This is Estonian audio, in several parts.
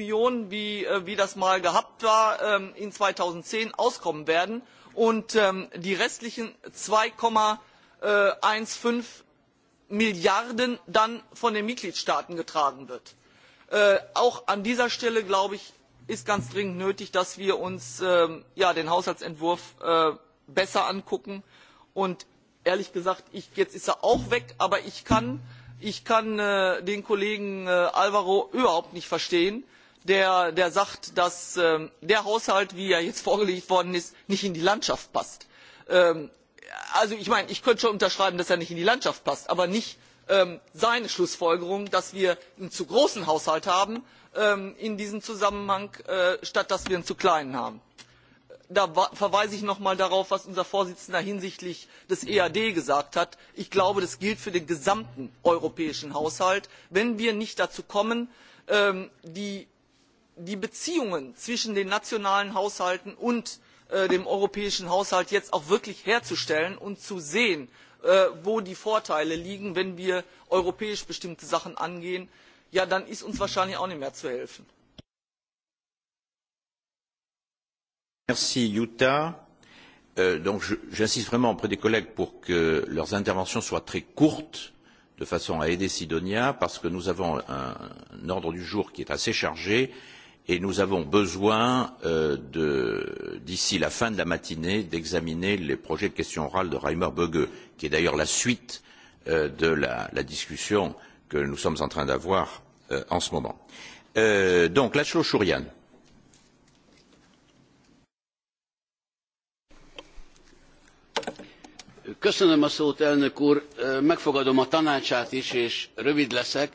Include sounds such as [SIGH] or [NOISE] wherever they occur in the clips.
millionen wie, äh, wie das mal gehabt war ähm, in zweitausendzehn auskommen werden und ähm, die restlichen zwei fünfzehn milliarden dann von den mitgliedstaaten getragen wird. Äh, auch an dieser stelle glaube ich ist ganz dringend nötig dass wir uns ähm, ja, den haushaltsentwurf äh, besser angucken und ehrlich gesagt ich, jetzt ist er auch weg aber ich kann ich kann äh, den kollegen äh, alvaro überhaupt nicht verstehen der, der sagt dass ähm, der haushalt wie er jetzt vorgelegt worden ist nicht in die landschaft passt. Ähm, also ich meine ich könnte schon unterschreiben dass er nicht in die landschaft passt aber nicht ähm, seine schlussfolgerung dass wir einen zu großen haushalt haben ähm, in diesem zusammenhang äh, statt dass wir einen zu kleinen haben. da verweise ich noch einmal darauf was unser vorsitzender hinsichtlich des ead gesagt hat ich glaube das gilt für den gesamten europäischen haushalt wenn wir nicht dazu kommen ähm, die die beziehungen zwischen den nationalen haushalten und äh, dem europäischen haushalt jetzt auch wirklich herzustellen und zu sehen äh, wo die vorteile liegen wenn wir europäisch bestimmte sachen angehen ja dann ist uns wahrscheinlich auch nicht mehr zu helfen. Merci, Jutta. Euh, donc j'insiste vraiment auprès des collègues pour que leurs interventions soient très courtes de façon à aider Sidonia parce que nous avons un, un ordre du jour qui est assez chargé et nous avons besoin euh, d'ici la fin de la matinée d'examiner les projets de questions orales de Reimer Böge, qui est d'ailleurs la suite euh, de la, la discussion que nous sommes en train d'avoir euh, en ce moment. Euh, donc, Lachlo Chourian. Köszönöm a szót, elnök úr. Megfogadom a tanácsát is, és rövid leszek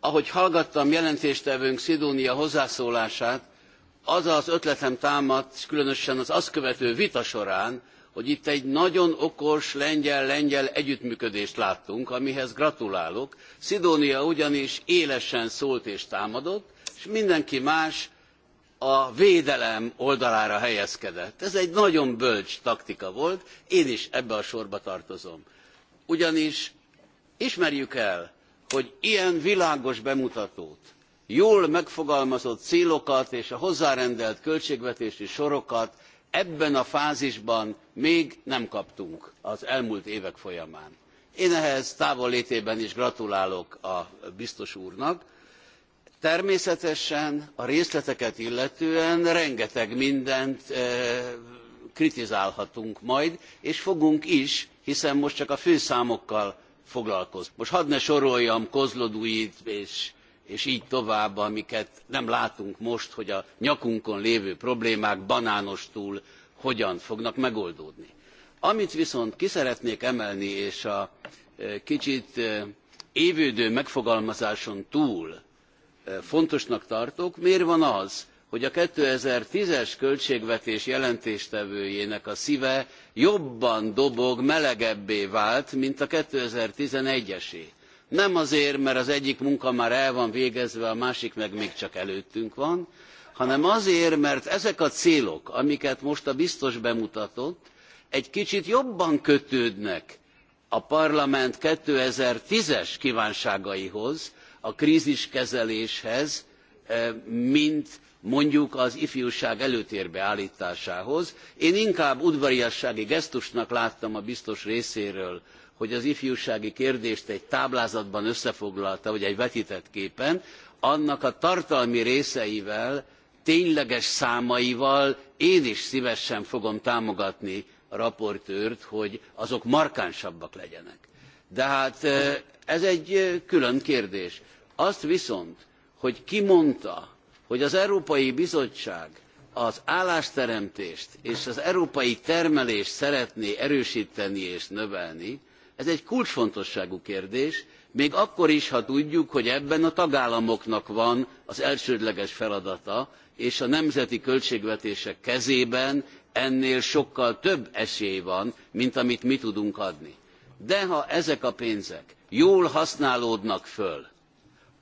ahogy hallgattam jelentéstevőnk Szidónia hozzászólását, az az ötletem támadt, különösen az azt követő vita során, hogy itt egy nagyon okos lengyel-lengyel együttműködést láttunk, amihez gratulálok. Szidónia ugyanis élesen szólt és támadott, és mindenki más a védelem oldalára helyezkedett. Ez egy nagyon bölcs taktika volt, én is ebbe a sorba tartozom. Ugyanis ismerjük el, hogy ilyen világos bemutatót jól megfogalmazott célokat és a hozzárendelt költségvetési sorokat ebben a fázisban még nem kaptunk az elmúlt évek folyamán. én ehhez távollétében is gratulálok a biztos úrnak. természetesen a részleteket illetően rengeteg mindent e, kritizálhatunk majd és fogunk is hiszen most csak a főszámokkal foglalkozni. Most hadd ne soroljam Kozlodújit és, és így tovább, amiket nem látunk most, hogy a nyakunkon lévő problémák banánostúl hogyan fognak megoldódni. Amit viszont ki szeretnék emelni, és a e, kicsit e, évődő megfogalmazáson túl e, fontosnak tartok, miért van az, hogy a 2010-es költségvetés jelentéstevőjének a szíve jobban dobog, melegebbé vált, mint a 2011-esé. Nem azért, mert az egyik munka már el van végezve, a másik meg még csak előttünk van, hanem azért, mert ezek a célok, amiket most a biztos bemutatott, egy kicsit jobban kötődnek a parlament 2010-es kívánságaihoz, a kríziskezeléshez, eh, mint mondjuk az ifjúság előtérbe állításához. Én inkább udvariassági gesztusnak láttam a biztos részéről, hogy az ifjúsági kérdést egy táblázatban összefoglalta, vagy egy vetített képen, annak a tartalmi részeivel, tényleges számaival én is szívesen fogom támogatni a raportőrt, hogy azok markánsabbak legyenek. De hát ez egy külön kérdés. Azt viszont, hogy ki mondta, hogy az Európai Bizottság az állásteremtést és az európai termelést szeretné erősíteni és növelni, ez egy kulcsfontosságú kérdés, még akkor is, ha tudjuk, hogy ebben a tagállamoknak van az elsődleges feladata, és a nemzeti költségvetések kezében ennél sokkal több esély van, mint amit mi tudunk adni. De ha ezek a pénzek jól használódnak föl,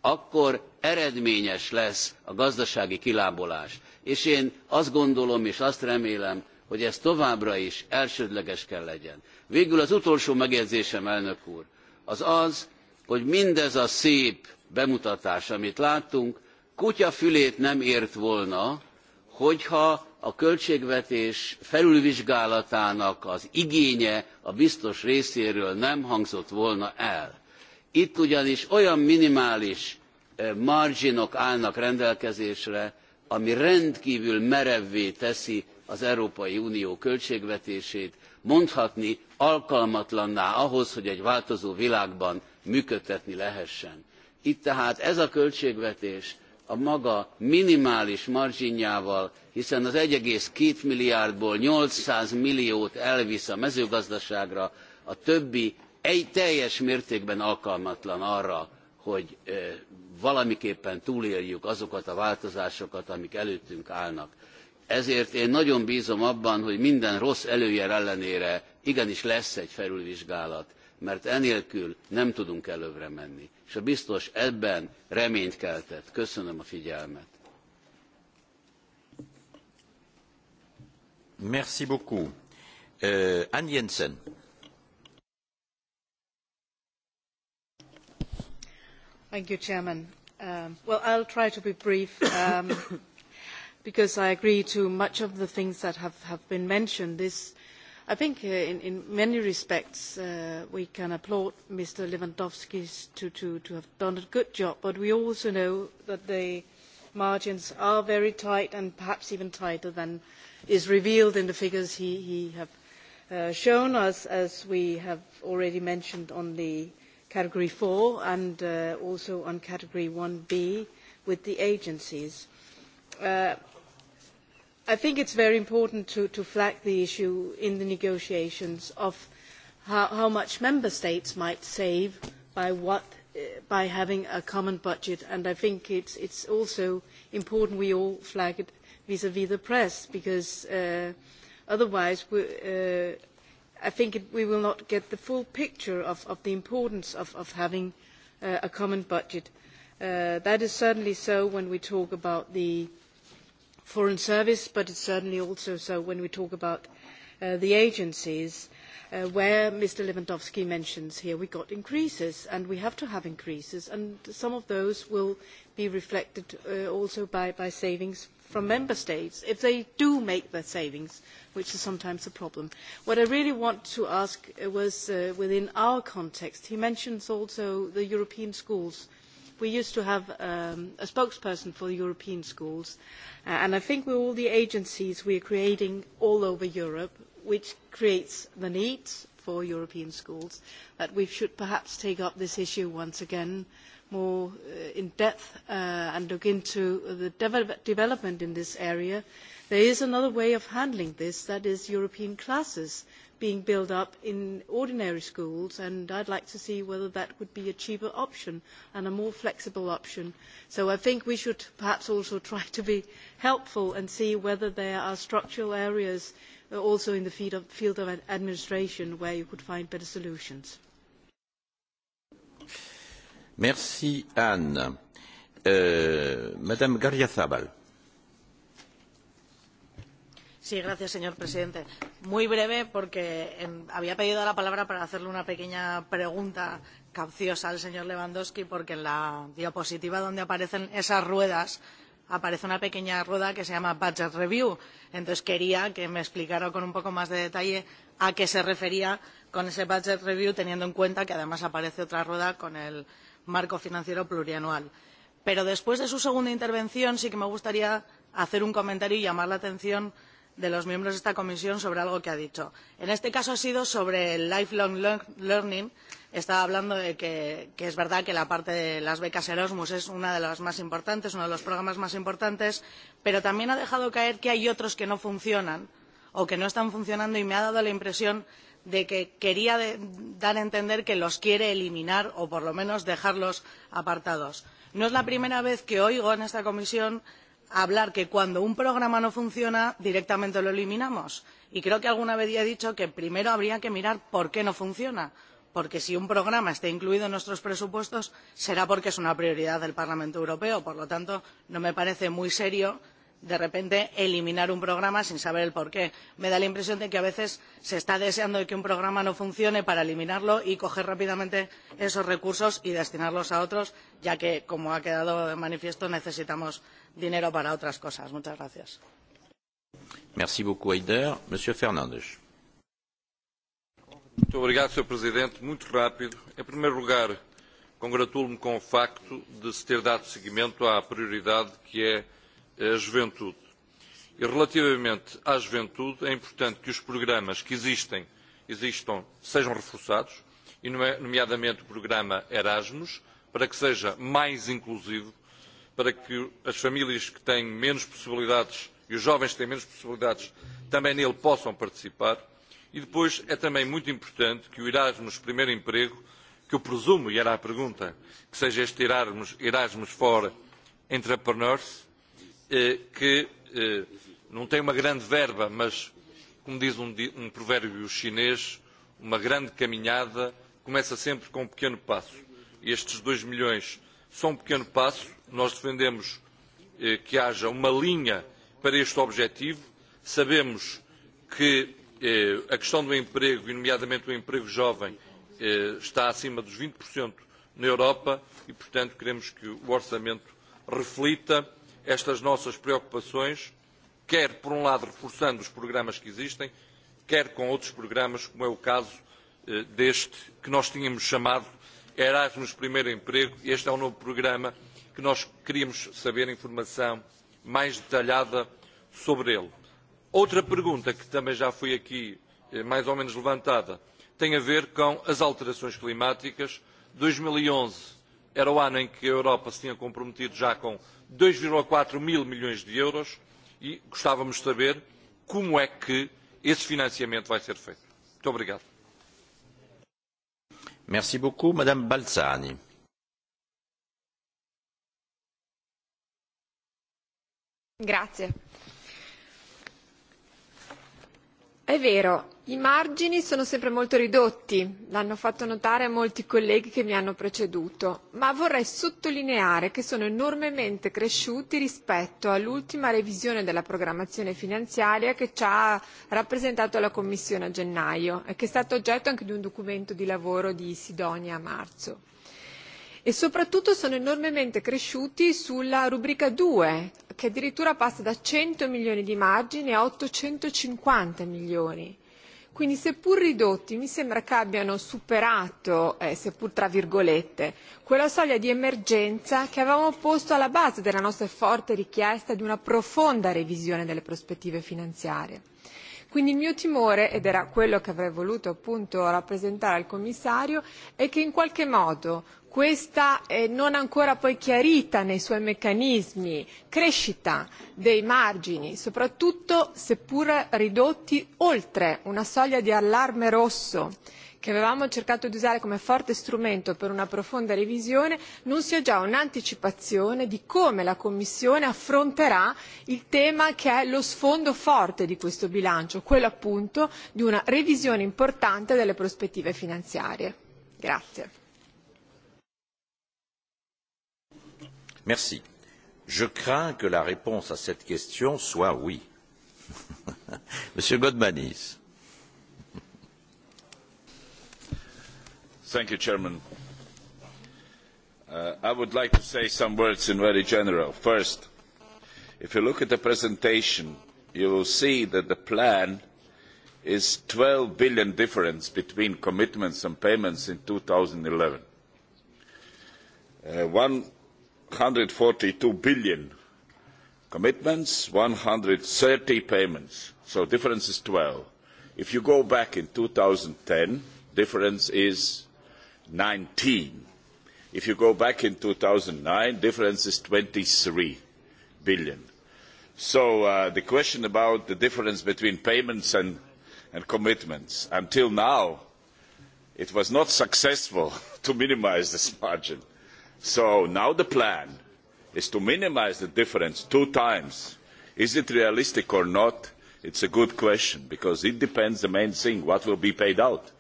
akkor eredményes lesz a gazdasági kilábolás. És én azt gondolom és azt remélem, hogy ez továbbra is elsődleges kell legyen. Végül az utolsó megjegyzésem, elnök úr, az az, hogy mindez a szép bemutatás, amit láttunk, kutya fülét nem ért volna, hogyha a költségvetés felülvizsgálatának az igénye a biztos részéről nem hangzott volna el itt ugyanis olyan minimális marzsinok állnak rendelkezésre ami rendkvül merevvé teszi az európai unió költségvetését mondhatni alkalmatlanná ahhoz hogy egy változó világban működtetni lehessen. itt tehát ez a költségvetés a maga minimális marzsinjával hiszen az one two milliárdból eight hundred milliót elvisz a mezőgazdaságra a többi egy teljes mértékben alkalmatlan arra, hogy valamiképpen túléljük azokat a változásokat, amik előttünk állnak. Ezért én nagyon bízom abban, hogy minden rossz előjel ellenére igenis lesz egy felülvizsgálat, mert enélkül nem tudunk előbbre menni. És a biztos ebben reményt keltett. Köszönöm a figyelmet. Merci beaucoup. Euh, Anne Jensen. Thank you, Chairman. Um, well, I'll try to be brief um, [COUGHS] because I agree to much of the things that have, have been mentioned. This, I think uh, in, in many respects uh, we can applaud Mr. Lewandowski to, to, to have done a good job, but we also know that the margins are very tight and perhaps even tighter than is revealed in the figures he, he have uh, shown us, as we have already mentioned on the Category 4 and uh, also on Category 1B with the agencies. Uh, I think it's very important to, to flag the issue in the negotiations of how, how much member states might save by, what, uh, by having a common budget. And I think it's, it's also important we all flag it vis-à-vis -vis the press because uh, otherwise we, uh, I think it, we will not get the full picture of, of the importance of, of having uh, a common budget. Uh, that is certainly so when we talk about the foreign service, but it's certainly also so when we talk about uh, the agencies, uh, where Mr. Lewandowski mentions here we got increases, and we have to have increases, and some of those will be reflected uh, also by, by savings from member states if they do make their savings, which is sometimes a problem. What I really want to ask uh, was uh, within our context, he mentions also the European schools. We used to have um, a spokesperson for the European schools, uh, and I think with all the agencies we are creating all over Europe, which creates the need for European schools, that we should perhaps take up this issue once again uh, more uh, in depth uh, and look into the de development in this area, there is another way of handling this, that is European classes being built up in ordinary schools, and I'd like to see whether that would be a cheaper option and a more flexible option. So I think we should perhaps also [LAUGHS] try to be helpful and see whether there are structural areas uh, also in the field of, field of administration where you could find better solutions. Merci Anne. Eh, Madame Gardiazabal. Sí, gracias, señor presidente. Muy breve, porque en, había pedido la palabra para hacerle una pequeña pregunta capciosa al señor Lewandowski, porque en la diapositiva donde aparecen esas ruedas aparece una pequeña rueda que se llama Budget Review. Entonces quería que me explicara con un poco más de detalle a qué se refería con ese Budget Review, teniendo en cuenta que además aparece otra rueda con el marco financiero plurianual. Pero después de su segunda intervención sí que me gustaría hacer un comentario y llamar la atención de los miembros de esta comisión sobre algo que ha dicho. En este caso ha sido sobre el lifelong learning. Estaba hablando de que, que es verdad que la parte de las becas Erasmus es una de las más importantes, uno de los programas más importantes, pero también ha dejado caer que hay otros que no funcionan o que no están funcionando y me ha dado la impresión de que quería de, dar a entender que los quiere eliminar o por lo menos dejarlos apartados. No es la primera vez que oigo en esta comisión hablar que cuando un programa no funciona directamente lo eliminamos. Y creo que alguna vez ya he dicho que primero habría que mirar por qué no funciona. Porque si un programa está incluido en nuestros presupuestos será porque es una prioridad del Parlamento Europeo. Por lo tanto, no me parece muy serio de repente eliminar un programa sin saber el porqué. Me da la impresión de que a veces se está deseando que un programa no funcione para eliminarlo y coger rápidamente esos recursos y destinarlos a otros, ya que, como ha quedado de manifiesto, necesitamos dinero para otras cosas. Muchas gracias. Merci beaucoup, Heider. Monsieur Fernandes. Muito obrigado, Sr. Presidente. Muito rápido. Em primeiro lugar, congratulo-me com o facto de se ter dado seguimento à prioridade que é a juventude. E relativamente à juventude, é importante que os programas que existem existam, sejam reforçados, e nomeadamente o programa Erasmus, para que seja mais inclusivo, para que as famílias que têm menos possibilidades e os jovens que têm menos possibilidades também nele possam participar. E depois é também muito importante que o Erasmus Primeiro Emprego, que eu presumo, e era a pergunta, que seja este Erasmus, Erasmus for Entrepreneurs, que não tem uma grande verba, mas, como diz um, um provérbio chinês, uma grande caminhada começa sempre com um pequeno passo. E estes 2 milhões são um pequeno passo. Nós defendemos eh, que haja uma linha para este objetivo. Sabemos que eh, a questão do emprego, e nomeadamente o emprego jovem, eh, está acima dos 20% na Europa e, portanto, queremos que o orçamento reflita estas nossas preocupações, quer, por um lado, reforçando os programas que existem, quer com outros programas, como é o caso eh, deste que nós tínhamos chamado Erasmus Primeiro Emprego. Este é um novo programa que nós queríamos saber informação mais detalhada sobre ele. Outra pergunta que também já foi aqui eh, mais ou menos levantada tem a ver com as alterações climáticas. 2011 era o ano em que a Europa se tinha comprometido já com 2,4 mil milhões de euros e gostávamos de saber como é que esse financiamento vai ser feito. Muito obrigado. Merci beaucoup, Madame Balzani. Grazie. È vero, i margini sono sempre molto ridotti l'hanno fatto notare molti colleghi che mi hanno preceduto ma vorrei sottolineare che sono enormemente cresciuti rispetto all'ultima revisione della programmazione finanziaria che ci ha rappresentato la commissione a gennaio e che è stato oggetto anche di un documento di lavoro di sidonia a marzo e soprattutto sono enormemente cresciuti sulla rubrica due che addirittura passa da cento milioni di margine a ottocentocinquanta milioni. Quindi seppur ridotti mi sembra che abbiano superato, eh, seppur tra virgolette, quella soglia di emergenza che avevamo posto alla base della nostra forte richiesta di una profonda revisione delle prospettive finanziarie Quindi il mio timore, ed era quello che avrei voluto appunto rappresentare al commissario, è che in qualche modo questa eh, non ancora poi chiarita nei suoi meccanismi crescita dei margini, soprattutto seppur ridotti oltre una soglia di allarme rosso, che avevamo cercato di usare come forte strumento per una profonda revisione non sia già un'anticipazione di come la Commissione affronterà il tema che è lo sfondo forte di questo bilancio, quello appunto di una revisione importante delle prospettive finanziarie. Grazie. Merci. Je crains que la réponse à cette question soit oui. [LAUGHS] Monsieur Godmanis. Thank you, Chairman. Uh, I would like to say some words in very general. First, if you look at the presentation, you will see that the plan is 12 billion difference between commitments and payments in 2011. Uh, 142 billion commitments, 130 payments. So difference is 12. If you go back in 2010, difference is 19. If you go back in 2009, difference is 23 billion. So uh, the question about the difference between payments and, and commitments, until now, it was not successful [LAUGHS] to minimize this margin. So now the plan is to minimize the difference two times. Is it realistic or not? It's a good question because it depends the main thing, what will be paid out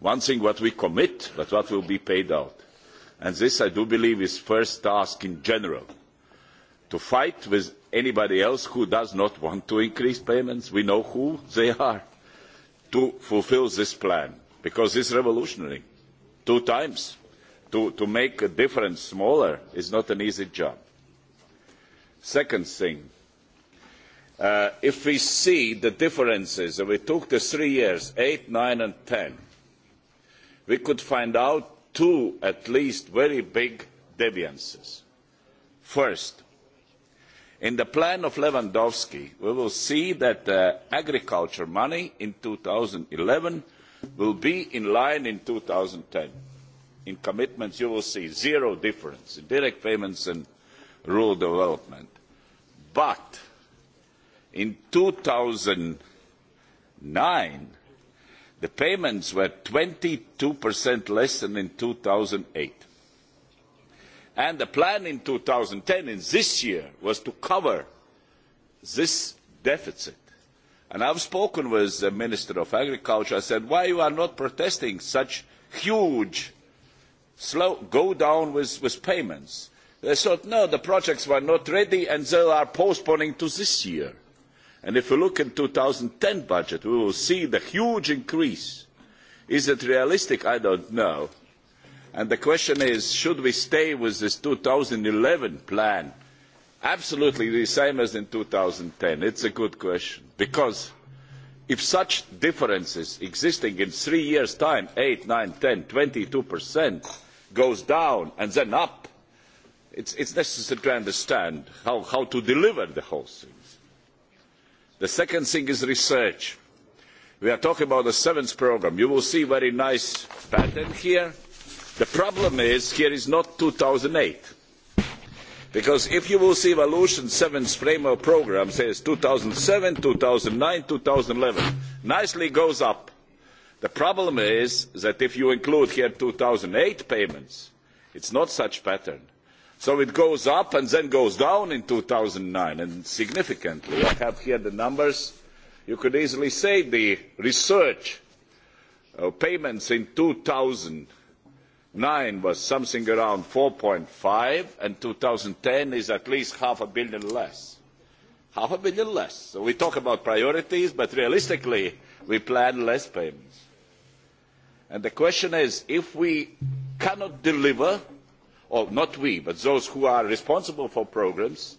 one thing what we commit, but what will be paid out. And this, I do believe, is first task in general. To fight with anybody else who does not want to increase payments, we know who they are, to fulfill this plan, because it's revolutionary. Two times. To, to make a difference smaller is not an easy job. Second thing, uh, if we see the differences, and we took the three years, eight, nine, and ten, we could find out two at least very big deviances. First, in the plan of Lewandowski, we will see that the uh, agriculture money in 2011 will be in line in 2010. In commitments, you will see zero difference in direct payments and rural development. But in 2009, The payments were 22% less than in 2008. And the plan in 2010, in this year, was to cover this deficit. And I've spoken with the Minister of Agriculture. I said, why you are not protesting such huge slow go down with, with payments? They thought, no, the projects were not ready and they are postponing to this year. And if you look in 2010 budget, we will see the huge increase. Is it realistic? I don't know. And the question is, should we stay with this 2011 plan? Absolutely the same as in 2010. It's a good question. Because if such differences existing in three years' time, 8, 9, 10, 22%, goes down and then up, it's, it's necessary to understand how, how to deliver the whole thing the second thing is research. we are talking about the seventh programme. you will see a very nice pattern here. the problem is here is not 2008. because if you will see evolution seventh framework programme says 2007, 2009, 2011, nicely goes up. the problem is that if you include here 2008 payments, it's not such pattern So it goes up and then goes down in 2009, and significantly. I have here the numbers. You could easily say the research uh, payments in 2009 was something around 4.5, and 2010 is at least half a billion less. Half a billion less. So we talk about priorities, but realistically, we plan less payments. And the question is, if we cannot deliver or not we, but those who are responsible for programs,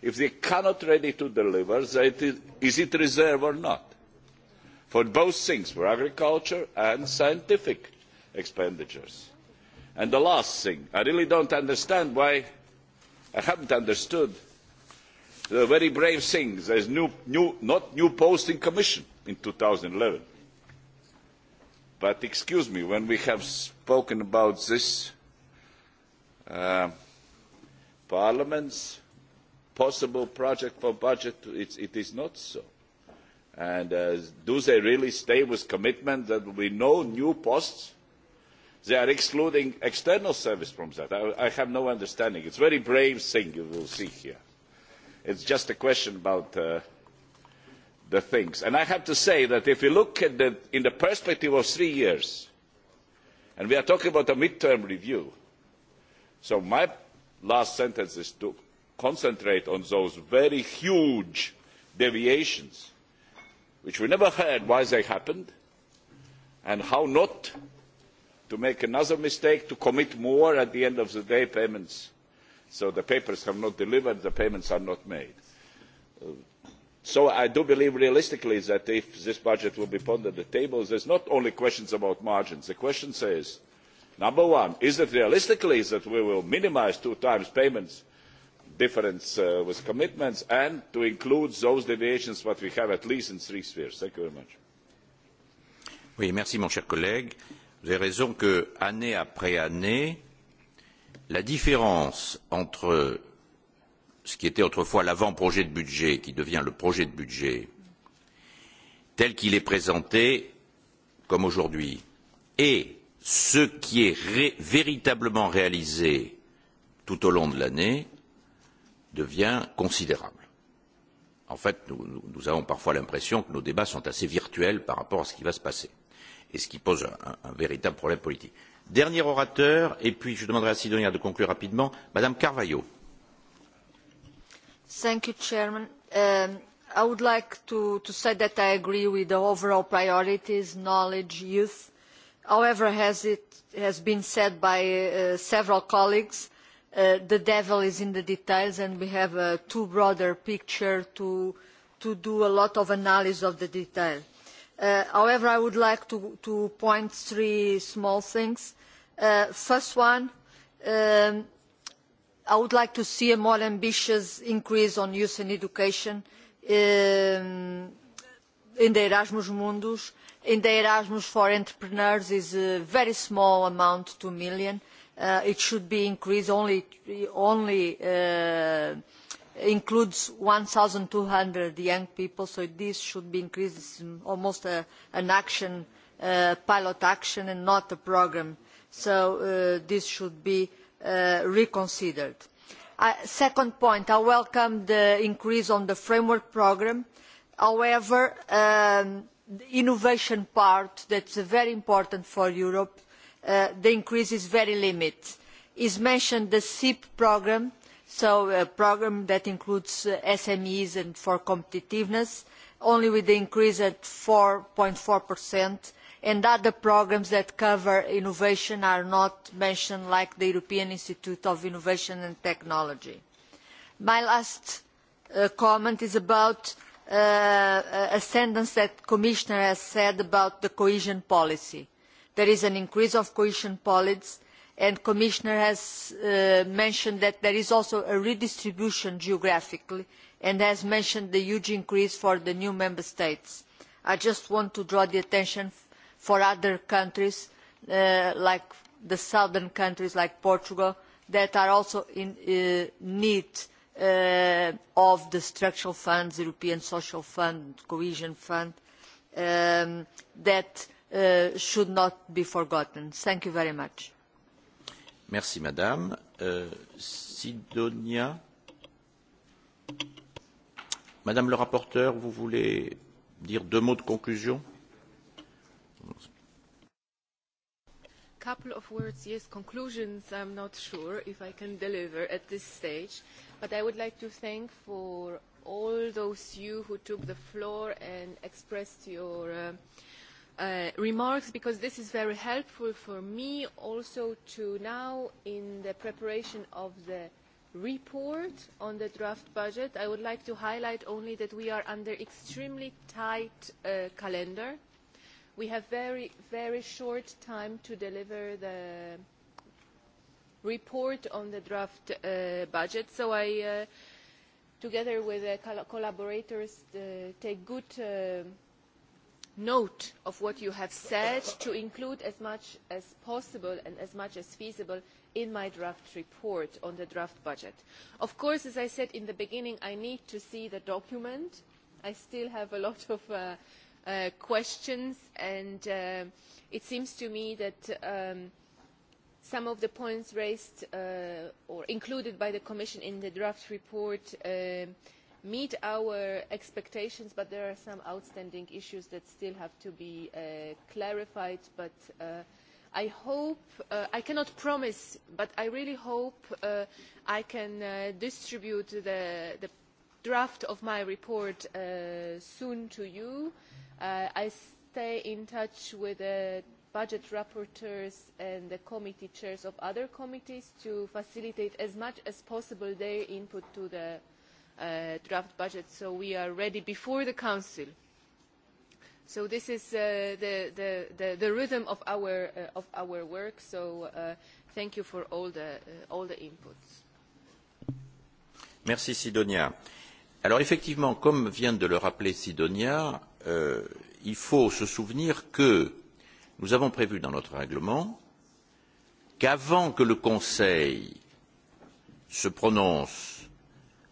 if they cannot ready to deliver, is it reserve or not? For both things, for agriculture and scientific expenditures. And the last thing, I really don't understand why, I haven't understood the very brave thing, there's new, new, not new posting commission in 2011. But excuse me, when we have spoken about this uh, Parliament's possible project for budget, it, it is not so. And uh, do they really stay with commitment that there will be no new posts? They are excluding external service from that. I, I have no understanding. It's a very brave thing you will see here. It's just a question about uh, the things. And I have to say that if you look at the, in the perspective of three years, and we are talking about a midterm review, so my last sentence is to concentrate on those very huge deviations which we never heard why they happened and how not to make another mistake to commit more at the end of the day payments so the papers have not delivered the payments are not made so i do believe realistically that if this budget will be put on the table there's not only questions about margins the question says number one is it realistically that we will minimise two times payments difference uh, with commitments and to include those deviations that we have at least in three spheres. Thank you very much. Oui, merci mon cher collègue. Vous avez raison que année après année, la différence entre ce qui était autrefois l'avant-projet de budget, qui devient le projet de budget, tel qu'il est présenté, comme aujourd'hui, et ce qui est ré véritablement réalisé tout au long de l'année devient considérable. En fait, nous, nous, nous avons parfois l'impression que nos débats sont assez virtuels par rapport à ce qui va se passer, et ce qui pose un, un, un véritable problème politique. Dernier orateur, et puis je demanderai à Sidonia de conclure rapidement, Madame Carvalho. Thank you, Chairman. Um, I would like to, to say that I agree with the overall priorities, knowledge, youth, however as has been said by uh, several colleagues uh, the devil is in the details and we have a too broad a picture to do a lot of analysis of the detail. Uh, however i would like to point out three small things. the first one is um, i would like to see a more ambitious increase on youth and education um, in the Erasmus Mundus in the Erasmus for entrepreneurs is a very small amount, 2 million. Uh, it should be increased only, only uh, includes 1,200 young people, so this should be increased. It's almost a, an action, uh, pilot action and not a program. So uh, this should be uh, reconsidered. Uh, second point, I welcome the increase on the framework program. However, um, the innovation part that is very important for Europe, uh, the increase is very limited. Is mentioned the SIP programme, so a programme that includes uh, SMEs and for competitiveness, only with the increase at 4.4%, and other programmes that cover innovation are not mentioned, like the European Institute of Innovation and Technology. My last uh, comment is about uh, uh, a sentence that the Commissioner has said about the cohesion policy. There is an increase of cohesion policy and the Commissioner has uh, mentioned that there is also a redistribution geographically and has mentioned the huge increase for the new member states. I just want to draw the attention for other countries uh, like the southern countries like Portugal that are also in uh, need uh, uh, of the structural funds, European Social Fund, Cohesion Fund, um, that uh, should not be forgotten. Thank you very much. Merci, Madame. Uh, Sidonia Madame le rapporteur, vous voulez dire deux mots de conclusion couple of words, yes, conclusions, I'm not sure if I can deliver at this stage. Uh, but I would like to thank for all those you who took the floor and expressed your uh, uh, remarks because this is very helpful for me also to now in the preparation of the report on the draft budget. I would like to highlight only that we are under extremely tight uh, calendar. We have very, very short time to deliver the report on the draft uh, budget. So I, uh, together with the col collaborators, uh, take good uh, note of what you have said to include as much as possible and as much as feasible in my draft report on the draft budget. Of course, as I said in the beginning, I need to see the document. I still have a lot of uh, uh, questions, and uh, it seems to me that um, some of the points raised uh, or included by the Commission in the draft report uh, meet our expectations, but there are some outstanding issues that still have to be uh, clarified. But uh, I hope, uh, I cannot promise, but I really hope uh, I can uh, distribute the, the draft of my report uh, soon to you. Uh, I stay in touch with the uh, budget rapporteurs and the committee chairs of other committees to facilitate as much as possible their input to the uh, draft budget so we are ready before the council. So this is uh, the, the, the, the rhythm of our, uh, of our work, so uh, thank you for all the, uh, all the inputs. Merci Sidonia. Alors effectivement, comme vient de le rappeler Sidonia, euh, il faut se souvenir que euh, nous avons prévu dans notre règlement qu'avant que le Conseil se prononce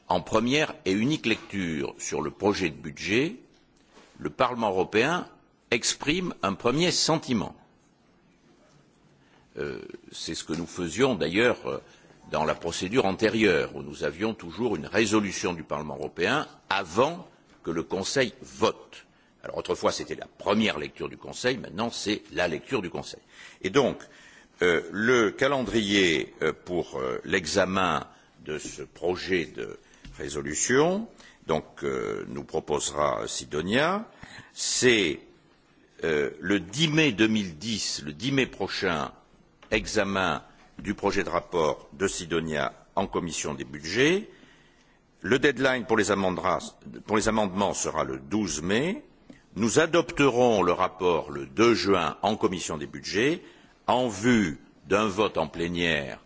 en première et unique lecture sur le projet de budget, le Parlement européen exprime un premier sentiment. Euh, C'est ce que nous faisions d'ailleurs euh, dans la procédure antérieure, où nous avions toujours une résolution du Parlement européen avant que le Conseil vote. Alors autrefois, c'était la première lecture du Conseil, maintenant c'est la lecture du Conseil. Et donc, euh, le calendrier euh, pour euh, l'examen de ce projet de résolution, donc euh, nous proposera Sidonia, c'est euh, le 10 mai 2010, le 10 mai prochain, examen du projet de rapport de Sidonia en commission des budgets. Le deadline pour les, pour les amendements sera le 12 mai nous adopterons le rapport le deux juin en commission des budgets en vue d'un vote en plénière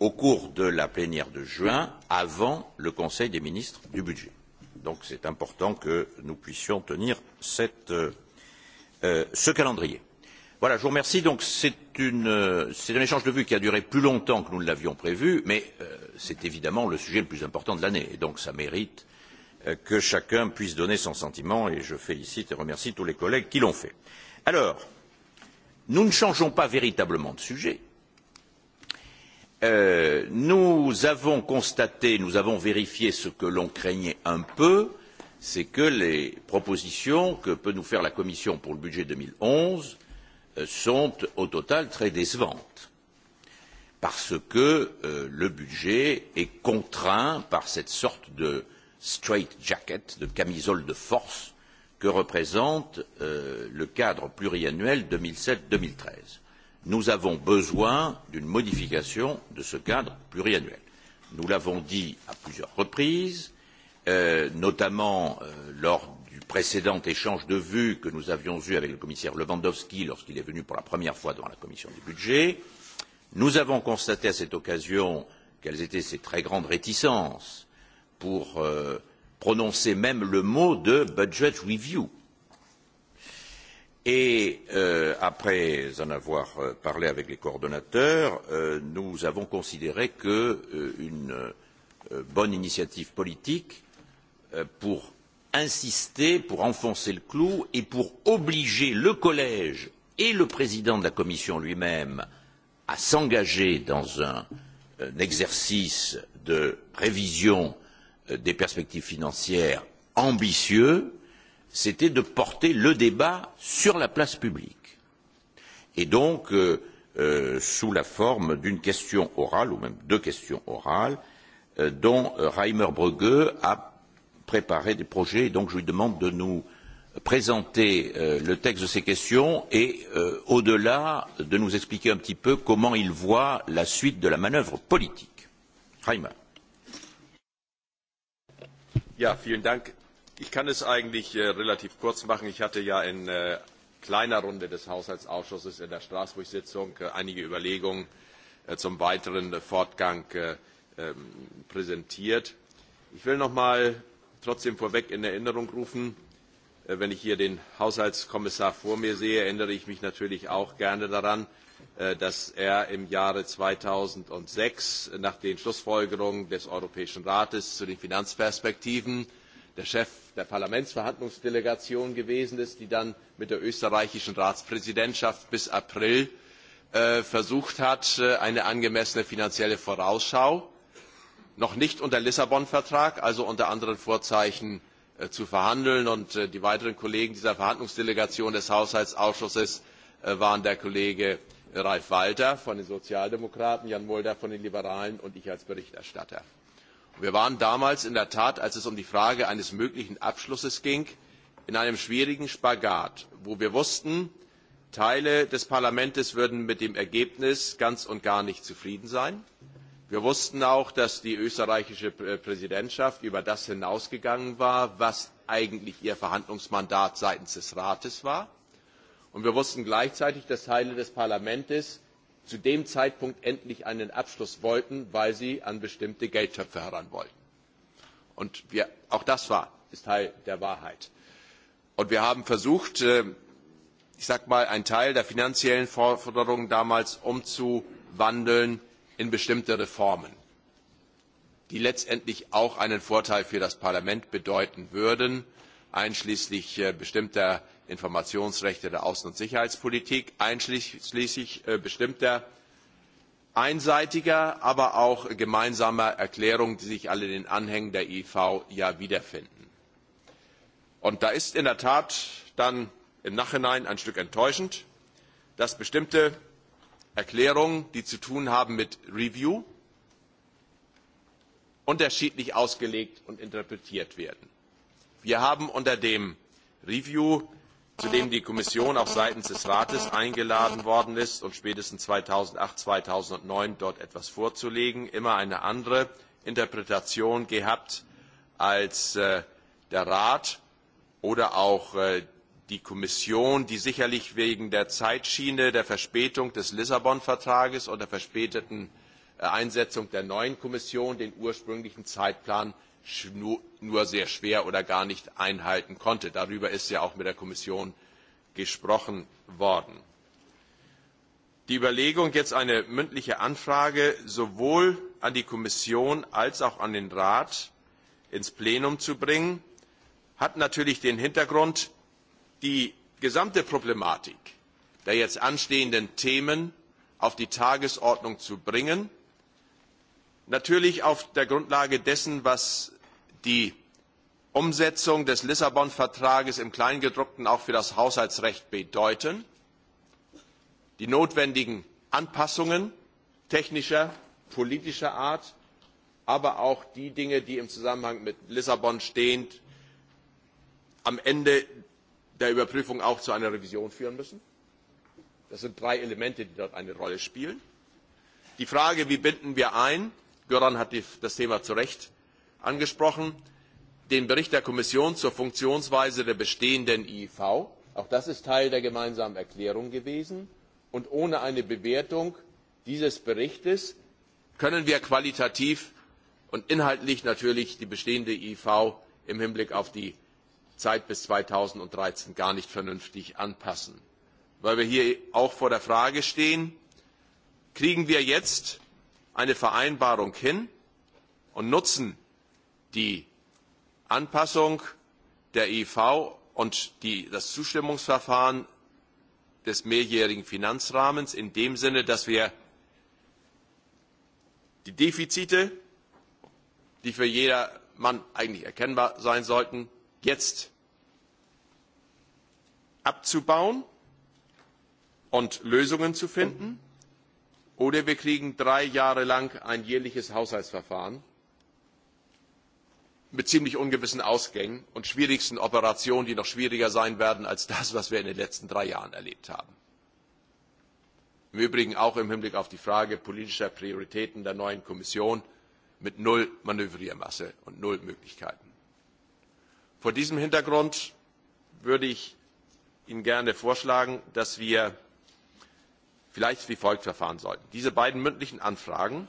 au cours de la plénière de juin avant le conseil des ministres du budget. donc c'est important que nous puissions tenir cette, euh, euh ce calendrier. voilà je vous remercie donc c'est euh, un échange de vues qui a duré plus longtemps que nous ne l'avions prévu mais euh, c'est évidemment le sujet le plus important de l'année et donc ça mérite euh, Euh, que chacun puisse donner son sentiment et je félicite et remercie tous les collègues qui l'ont fait. Alors, nous ne changeons pas véritablement de sujet. Euh, nous avons constaté, nous avons vérifié ce que l'on craignait un peu, c'est que les propositions que peut nous faire la Commission pour le budget 2011 euh, sont au total très décevantes parce que euh, le budget est contraint par cette sorte de euh, straitjacket, de camisole de force que représente euh, le cadre pluriannuel 2007-2013. Nous avons besoin d'une modification de ce cadre pluriannuel. Nous l'avons dit à plusieurs reprises, euh, notamment euh, lors du précédent échange de vues que nous avions eu avec le commissaire Lewandowski lorsqu'il est venu pour la première fois devant la commission des budgets. Nous avons constaté à cette occasion quelles étaient ses très grandes réticences pour euh, prononcer même le mot de budget review. Et euh, après en avoir euh, parlé avec les coordonnateurs, euh, nous avons considéré qu'une euh, une, euh, bonne initiative politique euh, pour insister, pour enfoncer le clou et pour obliger le collège et le président de la commission lui-même à s'engager dans un, un euh, exercice de révision euh, Euh, des perspectives financières ambitieux, c'était de porter le débat sur la place publique. Et donc, euh, euh, sous la forme d'une question orale, ou même deux questions orales, euh, dont euh, Reimer Brugge a préparé des projets. Et donc, je lui demande de nous présenter euh, le texte de ces questions et, euh, au-delà, de nous expliquer un petit peu comment il voit la suite de la manœuvre politique. Reimer. Ja, vielen Dank. Ich kann es eigentlich äh, relativ kurz machen. Ich hatte ja in äh, kleiner Runde des Haushaltsausschusses in der Straßburg-Sitzung äh, einige Überlegungen äh, zum weiteren äh, Fortgang äh, ähm, präsentiert. Ich will noch mal trotzdem vorweg in Erinnerung rufen, äh, wenn ich hier den Haushaltskommissar vor mir sehe, erinnere ich mich natürlich auch gerne daran, äh, Äh, dass er im Jahre 2006 nach den Schlussfolgerungen des Europäischen Rates zu den Finanzperspektiven der Chef der Parlamentsverhandlungsdelegation gewesen ist, die dann mit der österreichischen Ratspräsidentschaft bis April äh, versucht hat, äh, eine angemessene finanzielle Vorausschau noch nicht unter Lissabon-Vertrag, also unter anderen Vorzeichen äh, zu verhandeln. Und äh, die weiteren Kollegen dieser Verhandlungsdelegation des Haushaltsausschusses äh, waren der Kollege Ralf Walter von den Sozialdemokraten, Jan Mulder von den Liberalen und ich als Berichterstatter. Wir waren damals in der Tat, als es um die Frage eines möglichen Abschlusses ging, in einem schwierigen Spagat, wo wir wussten, Teile des Parlaments würden mit dem Ergebnis ganz und gar nicht zufrieden sein. Wir wussten auch, dass die österreichische Präsidentschaft über das hinausgegangen war, was eigentlich ihr Verhandlungsmandat seitens des Rates war und wir wussten gleichzeitig dass teile des parlaments zu dem zeitpunkt endlich einen abschluss wollten weil sie an bestimmte geldtöpfe heran wollten. Wir, auch das war, ist teil der wahrheit. Und wir haben versucht äh, ich sage mal einen teil der finanziellen forderungen damals umzuwandeln in bestimmte reformen die letztendlich auch einen vorteil für das parlament bedeuten würden einschließlich äh, bestimmter Informationsrechte der Außen- und Sicherheitspolitik, einschließlich äh, bestimmter einseitiger, aber auch gemeinsamer Erklärungen, die sich alle in den Anhängen der IV ja wiederfinden. Und da ist in der Tat dann im Nachhinein ein Stück enttäuschend, dass bestimmte Erklärungen, die zu tun haben mit Review, unterschiedlich ausgelegt und interpretiert werden. Wir haben unter dem Review zu dem die Kommission auch seitens des Rates eingeladen worden ist und spätestens 2008, 2009 dort etwas vorzulegen, immer eine andere Interpretation gehabt als äh, der Rat oder auch äh, die Kommission, die sicherlich wegen der Zeitschiene, der Verspätung des Lissabon-Vertrages und der verspäteten äh, Einsetzung der neuen Kommission den ursprünglichen Zeitplan nur sehr schwer oder gar nicht einhalten konnte. darüber ist ja auch mit der kommission gesprochen worden. die überlegung jetzt eine mündliche anfrage sowohl an die kommission als auch an den rat ins plenum zu bringen hat natürlich den hintergrund die gesamte problematik der jetzt anstehenden themen auf die tagesordnung zu bringen natürlich auf der grundlage dessen was die Umsetzung des Lissabon-Vertrages im Kleingedruckten auch für das Haushaltsrecht bedeuten, die notwendigen Anpassungen technischer, politischer Art, aber auch die Dinge, die im Zusammenhang mit Lissabon stehend am Ende der Überprüfung auch zu einer Revision führen müssen. Das sind drei Elemente, die dort eine Rolle spielen. Die Frage, wie binden wir ein? Göran hat die, das Thema zu Recht angesprochen den Bericht der Kommission zur Funktionsweise der bestehenden IV. Auch das ist Teil der gemeinsamen Erklärung gewesen. Und ohne eine Bewertung dieses Berichtes können wir qualitativ und inhaltlich natürlich die bestehende IV im Hinblick auf die Zeit bis 2013 gar nicht vernünftig anpassen. Weil wir hier auch vor der Frage stehen, kriegen wir jetzt eine Vereinbarung hin und nutzen die Anpassung der IV e und die, das Zustimmungsverfahren des mehrjährigen Finanzrahmens in dem Sinne, dass wir die Defizite, die für jedermann eigentlich erkennbar sein sollten, jetzt abzubauen und Lösungen zu finden, oder wir kriegen drei Jahre lang ein jährliches Haushaltsverfahren, mit ziemlich ungewissen Ausgängen und schwierigsten Operationen, die noch schwieriger sein werden als das, was wir in den letzten drei Jahren erlebt haben. Im Übrigen auch im Hinblick auf die Frage politischer Prioritäten der neuen Kommission mit null Manövriermasse und null Möglichkeiten. Vor diesem Hintergrund würde ich Ihnen gerne vorschlagen, dass wir vielleicht wie folgt verfahren sollten. Diese beiden mündlichen Anfragen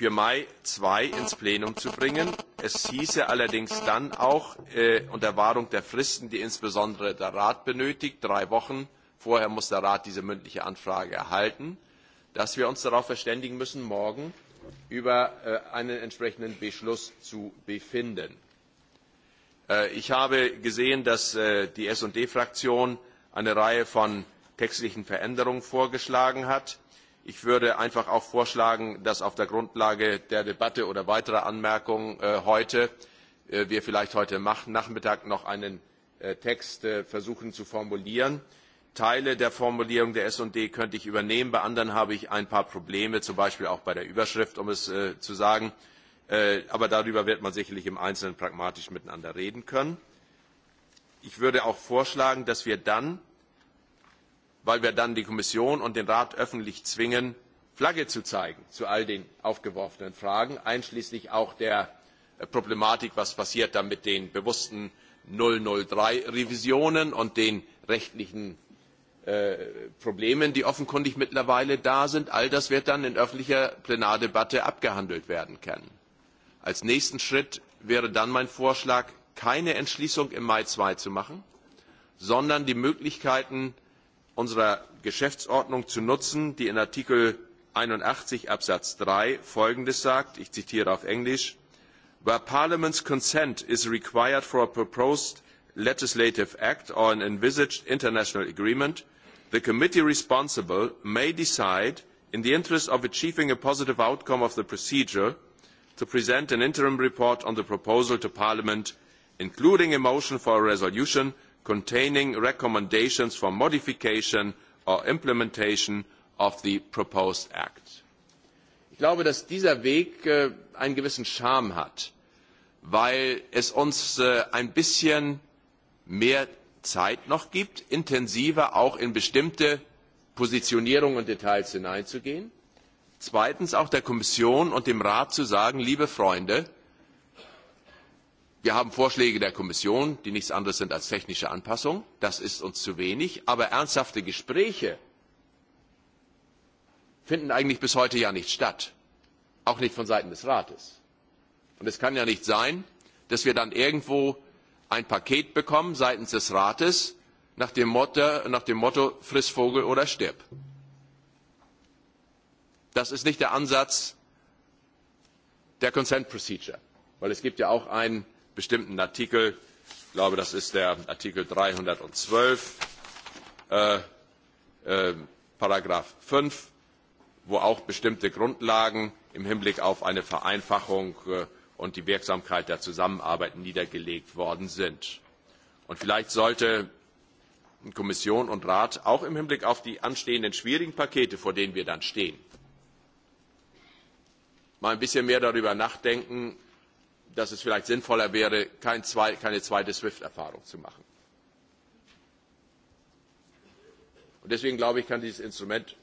für Mai 2 ins Plenum zu bringen. Es hieße allerdings dann auch äh, unter Wahrung der Fristen, die insbesondere der Rat benötigt, drei Wochen vorher muss der Rat diese mündliche Anfrage erhalten, dass wir uns darauf verständigen müssen, morgen über äh, einen entsprechenden Beschluss zu befinden. Äh, ich habe gesehen, dass äh, die S&D-Fraktion eine Reihe von textlichen Veränderungen vorgeschlagen hat. Äh, ich würde einfach auch vorschlagen dass wir auf der grundlage der debatte oder weiterer anmerkungen äh, heute äh, wir vielleicht heute nachmittag noch einen äh, text versuchen zu formulieren. teile der formulierung der sd könnte ich übernehmen bei anderen habe ich ein paar probleme zum beispiel auch bei der überschrift um es zu sagen aber darüber wird man sicherlich im einzelnen pragmatisch miteinander reden können. ich würde auch vorschlagen dass wir dann weil wir dann die Kommission und den Rat öffentlich zwingen, Flagge zu zeigen zu all den aufgeworfenen Fragen, einschließlich auch der äh, Problematik, was passiert dann mit den bewussten 003-Revisionen und den rechtlichen äh, Problemen, die offenkundig mittlerweile da sind. All das wird dann in öffentlicher Plenardebatte abgehandelt werden können. Als nächsten Schritt wäre dann mein Vorschlag, keine Entschließung im Mai 2 zu machen, sondern die Möglichkeiten unserer geschäftsordnung zu nutzen die in artikel einundachtzig absatz drei folgendes sagt ich zitiere auf englisch where parliament's consent is required for a proposed legislative act or an envisaged international agreement the committee responsible may decide in the interest of achieving a positive outcome of the procedure to present an interim report on the proposal to parliament including a motion for a resolution containing recommendations for modification or implementation of the proposed act. Ich glaube, dass dieser Weg äh, einen gewissen Charme hat, weil es uns äh, ein bisschen mehr Zeit noch gibt, intensiver auch in bestimmte Positionierungen und Details hineinzugehen. Zweitens auch der Kommission und dem Rat zu sagen, liebe Freunde, Wir haben Vorschläge der Kommission, die nichts anderes sind als technische Anpassung. Das ist uns zu wenig. Aber ernsthafte Gespräche finden eigentlich bis heute ja nicht statt. Auch nicht von Seiten des Rates. Und es kann ja nicht sein, dass wir dann irgendwo ein Paket bekommen seitens des Rates nach dem Motto, nach dem Motto friss Vogel oder stirb. Das ist nicht der Ansatz der Consent Procedure, weil es gibt ja auch einen bestimmten Artikel, ich glaube, das ist der Artikel 312, äh, äh, Paragraph 5, wo auch bestimmte Grundlagen im Hinblick auf eine Vereinfachung äh, und die Wirksamkeit der Zusammenarbeit niedergelegt worden sind. Und vielleicht sollte Kommission und Rat auch im Hinblick auf die anstehenden schwierigen Pakete, vor denen wir dann stehen, mal ein bisschen mehr darüber nachdenken, dass es vielleicht sinnvoller wäre, kein zwei, keine zweite SWIFT-Erfahrung zu machen. Und deswegen glaube ich, kann dieses Instrument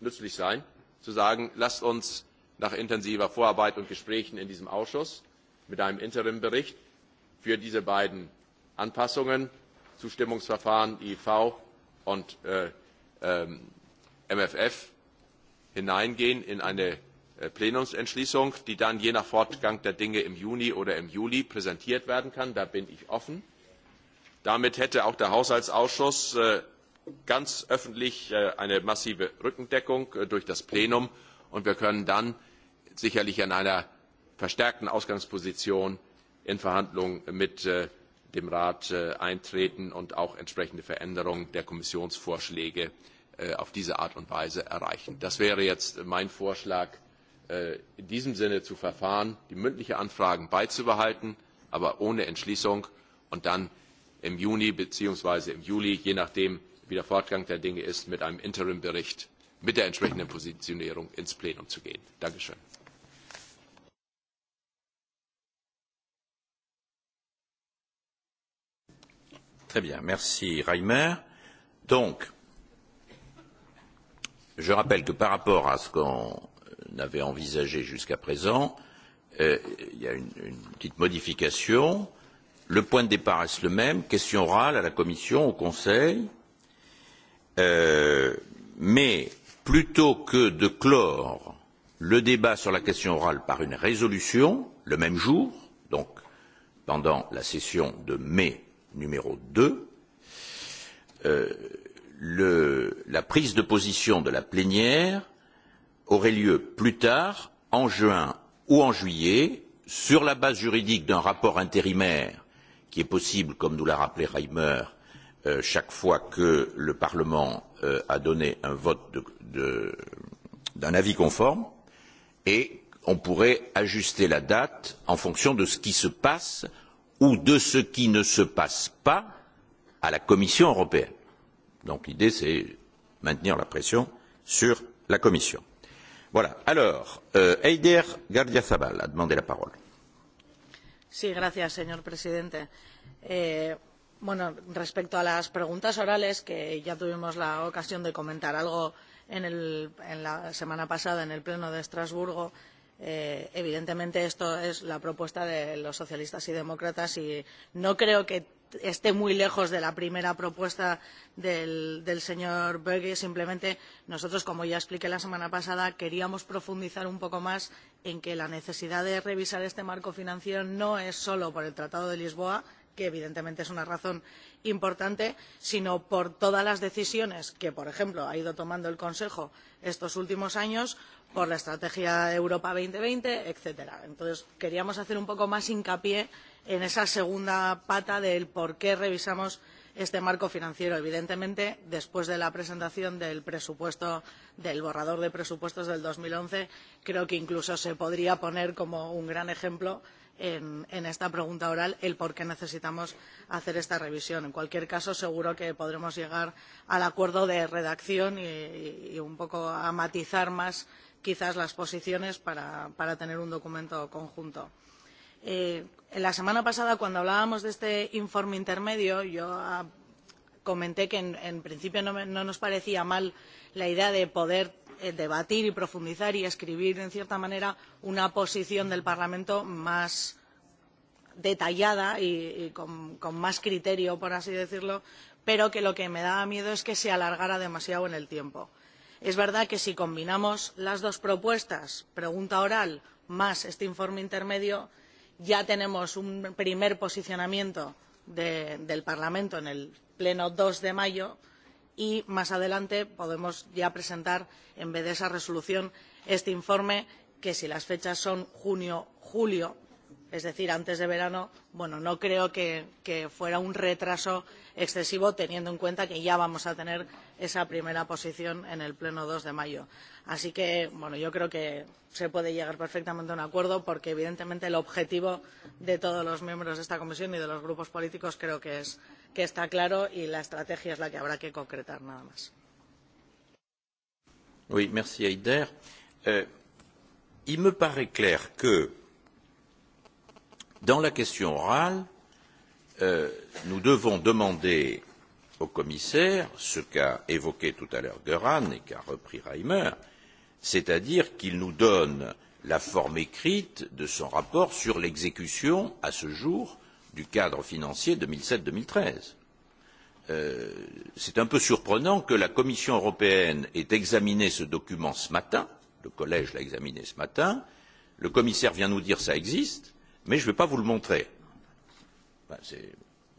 nützlich sein, zu sagen, lasst uns nach intensiver Vorarbeit und Gesprächen in diesem Ausschuss mit einem Interimbericht für diese beiden Anpassungen, Zustimmungsverfahren, IV und äh, ähm, MFF hineingehen in eine Äh, Plenumsentschließung, die dann je nach Fortgang der Dinge im Juni oder im Juli präsentiert werden kann. Da bin ich offen. Damit hätte auch der Haushaltsausschuss äh, ganz öffentlich äh, eine massive Rückendeckung durch das Plenum und wir können dann sicherlich in einer verstärkten Ausgangsposition in Verhandlungen mit dem Rat eintreten und auch entsprechende Veränderungen der Kommissionsvorschläge auf diese Art und Weise erreichen. Das wäre jetzt mein Vorschlag Äh, in diesem Sinne zu verfahren, die mündliche Anfragen beizubehalten, aber ohne Entschließung und dann im Juni bzw. im Juli, je nachdem, wie der Fortgang der Dinge ist, mit einem Interimbericht mit der entsprechenden Positionierung ins Plenum zu gehen. Dankeschön. Très bien, merci Reimer. Donc, je rappelle que par rapport à ce qu'on n'avait envisagé jusqu'à présent. Euh, il y a une, une petite modification. Le point de départ reste le même. Question orale à la Commission, au Conseil. Euh, mais plutôt que de clore le débat sur la question orale par une résolution, le même jour, donc pendant la session de mai numéro 2, euh, le, la prise de position de la plénière aurait lieu plus tard, en juin ou en juillet, sur la base juridique d'un rapport intérimaire qui est possible, comme nous l'a rappelé Reimer, euh, chaque fois que le Parlement euh, a donné un vote d'un avis conforme, et on pourrait ajuster la date en fonction de ce qui se passe ou de ce qui ne se passe pas à la Commission européenne. Donc l'idée, c'est maintenir la pression sur la Commission. Voilà. Alors, euh, Eider Gardiazabal a demandé la parole. Sí, gracias, señor presidente. Eh, bueno, respecto a las preguntas orales, que ya tuvimos la ocasión de comentar algo en, el, en la semana pasada en el Pleno de Estrasburgo, eh, evidentemente esto es la propuesta de los socialistas y demócratas y no creo que esté muy lejos de la primera propuesta del, del señor Böge. Simplemente nosotros, como ya expliqué la semana pasada, queríamos profundizar un poco más en que la necesidad de revisar este marco financiero no es solo por el Tratado de Lisboa, que evidentemente es una razón importante, sino por todas las decisiones que, por ejemplo, ha ido tomando el Consejo estos últimos años, por la Estrategia Europa 2020, etcétera. Entonces, queríamos hacer un poco más hincapié en esa segunda pata del por qué revisamos este marco financiero. Evidentemente, después de la presentación del presupuesto, del borrador de presupuestos del 2011, creo que incluso se podría poner como un gran ejemplo en, en esta pregunta oral el por qué necesitamos hacer esta revisión. En cualquier caso, seguro que podremos llegar al acuerdo de redacción y, y un poco a matizar más quizás las posiciones para, para tener un documento conjunto. Eh, Eh, la semana pasada, cuando hablábamos de este informe intermedio, yo ah, comenté que en, en principio no, me, no nos parecía mal la idea de poder eh, debatir y profundizar y escribir, en cierta manera, una posición del Parlamento más detallada y, y con, con más criterio, por así decirlo, pero que lo que me daba miedo es que se alargara demasiado en el tiempo. Es verdad que si combinamos las dos propuestas, pregunta oral más este informe intermedio, ya tenemos un primer posicionamiento de, del Parlamento en el pleno 2 de mayo y más adelante podemos ya presentar, en vez de esa resolución, este informe que si las fechas son junio-julio es decir, antes de verano, bueno, no creo que, que fuera un retraso excesivo teniendo en cuenta que ya vamos a tener esa primera posición en el pleno 2 de mayo. Así que, bueno, yo creo que se puede llegar perfectamente a un acuerdo porque, evidentemente, el objetivo de todos los miembros de esta comisión y de los grupos políticos creo que, es, que está claro y la estrategia es la que habrá que concretar nada más. Oui, merci Heider. Euh, il me paraît clair que euh, Dans la question orale, euh, nous devons demander au commissaire ce qu'a évoqué tout à l'heure Göran et qu'a repris Reimer, c'est-à-dire qu'il nous donne la forme écrite de son rapport sur l'exécution à ce jour du cadre financier 2007-2013. Euh, c'est un peu surprenant que la Commission européenne ait examiné ce document ce matin, le collège l'a examiné ce matin, le commissaire vient nous dire ça existe, mais je ne vais pas vous le montrer. Ben,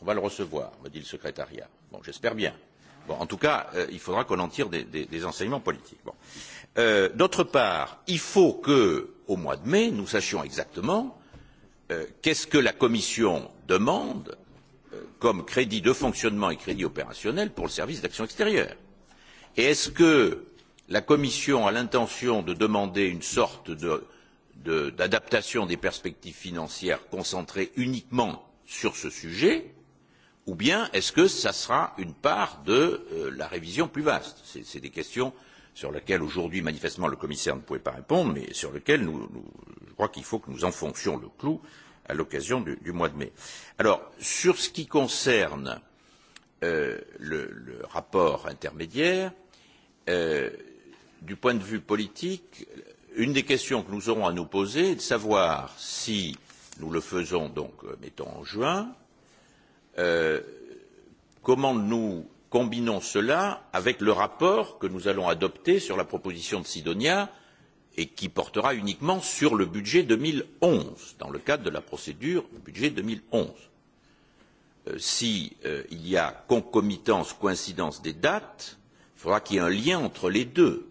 on va le recevoir, me dit le secrétariat. Bon, j'espère bien. Bon, en tout cas, euh, il faudra qu'on en tire des, des, des enseignements politiques. Bon. Euh, D'autre part, il faut que, au mois de mai, nous sachions exactement euh, qu'est-ce que la Commission demande euh, comme crédit de fonctionnement et crédit opérationnel pour le service d'action extérieure. Et est-ce que la Commission a l'intention de demander une sorte de euh, d'adaptation de, des perspectives financières concentrée uniquement sur ce sujet, ou bien est-ce que ça sera une part de euh, la révision plus vaste C'est des questions sur lesquelles aujourd'hui, manifestement, le commissaire ne pouvait pas répondre, mais sur lesquelles nous, nous, je crois qu'il faut que nous enfoncions le clou à l'occasion du, du mois de mai. Alors, sur ce qui concerne euh, le, le rapport intermédiaire, euh, du point de vue politique, une des questions que nous aurons à nous poser est de savoir si nous le faisons donc, euh, mettons, en juin, euh, comment nous combinons cela avec le rapport que nous allons adopter sur la proposition de Sidonia et qui portera uniquement sur le budget 2011, dans le cadre de la procédure budget 2011. Euh, si euh, il y a concomitance, coïncidence des dates, il faudra qu'il y ait un lien entre les deux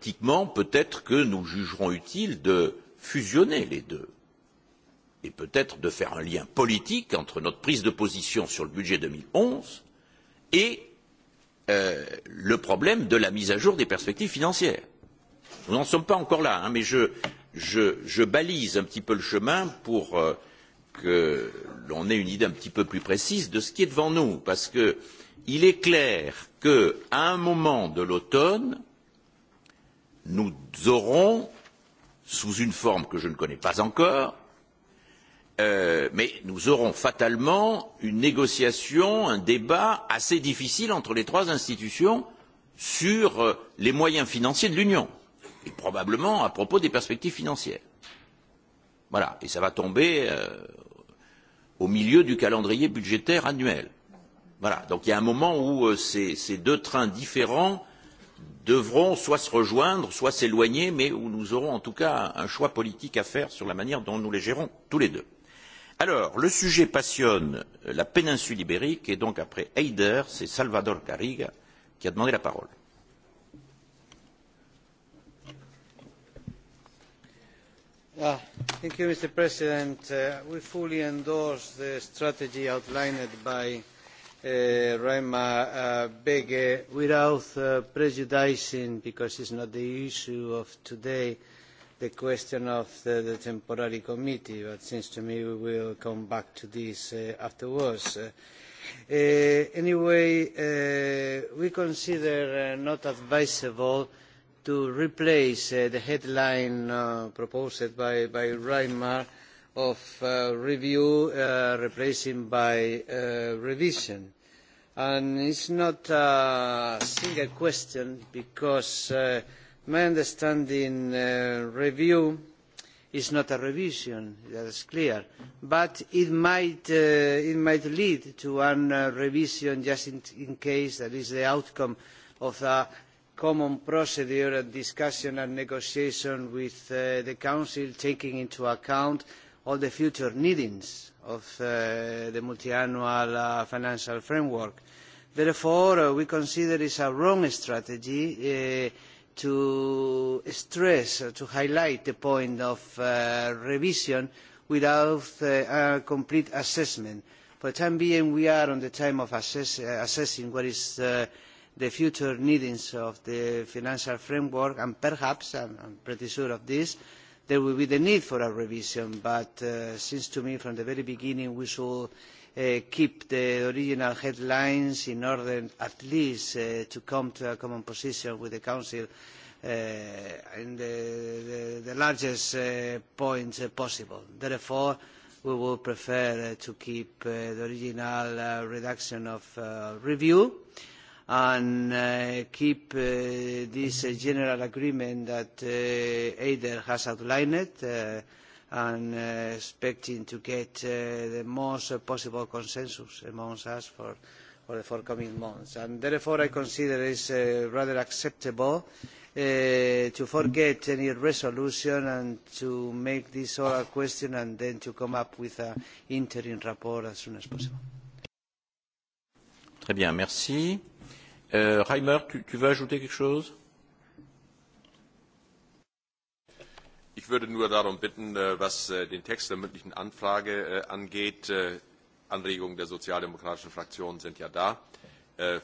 politiquement, peut-être que nous jugerons utile de fusionner les deux et peut-être de faire un lien politique entre notre prise de position sur le budget 2011 et euh, le problème de la mise à jour des perspectives financières. Nous n'en sommes pas encore là, hein, mais je, je, je balise un petit peu le chemin pour euh, que l'on ait une idée un petit peu plus précise de ce qui est devant nous, parce qu'il est clair qu'à un moment de l'automne, nous aurons, sous une forme que je ne connais pas encore, euh, mais nous aurons fatalement une négociation, un débat assez difficile entre les trois institutions sur euh, les moyens financiers de l'Union, et probablement à propos des perspectives financières. Voilà, et ça va tomber euh, au milieu du calendrier budgétaire annuel. Voilà, donc il y a un moment où euh, ces, ces deux trains différents devront soit se rejoindre, soit s'éloigner, mais où nous aurons en tout cas un, un choix politique à faire sur la manière dont nous les gérons tous les deux. Alors, le sujet passionne la péninsule ibérique et donc après Heider, c'est Salvador Garriga qui a demandé la parole. Ah, thank you, Mr. President. Uh, we fully endorse the strategy outlined by uh, Uh, Raima uh, Bege, uh, without prejudicing, because it's not the issue of today, the question of the, the temporary committee, but seems to me we will come back to this afterwards. Anyway, we consider not advisable to replace the headline proposed by, by Reimer of uh, review uh, replacing by uh, revision. And it's not a single question because uh, my understanding uh, review is not a revision, that is clear, but it might, uh, it might lead to a uh, revision just in, in case that is the outcome of a common procedure and discussion and negotiation with uh, the Council taking into account uh, all the future needs of uh, the multiannual uh, financial framework. Therefore, uh, we consider it a wrong strategy uh, to stress, uh, to highlight the point of uh, revision without uh, a complete assessment. For the time being, we are on the time of assess uh, assessing what is uh, the future needs of the financial framework, and perhaps, I'm, I'm pretty sure of this, uh, there will be the need for a revision but it uh, seems to me from the very beginning we should uh, keep the original headlines in order at least uh, to come to a common position with the council uh, in the, the, the largest uh, points uh, possible. therefore we would prefer to keep the original reduction of review' and uh, keep uh, this uh, general agreement that uh, Eider has outlined uh, and uh, expecting to get uh, the most uh, possible consensus amongst us for, for the forthcoming months. And therefore, I consider it uh, rather acceptable uh, to forget any resolution and to make this oral question and then to come up with an interim report as soon as possible. Très bien, merci Euh, Reimer, tu, tu veux ajouter quelque chose Ich würde nur darum bitten, äh, was äh, den Text der mündlichen Anfrage äh, angeht. Anregungen der sozialdemokratischen Fraktion sind ja da.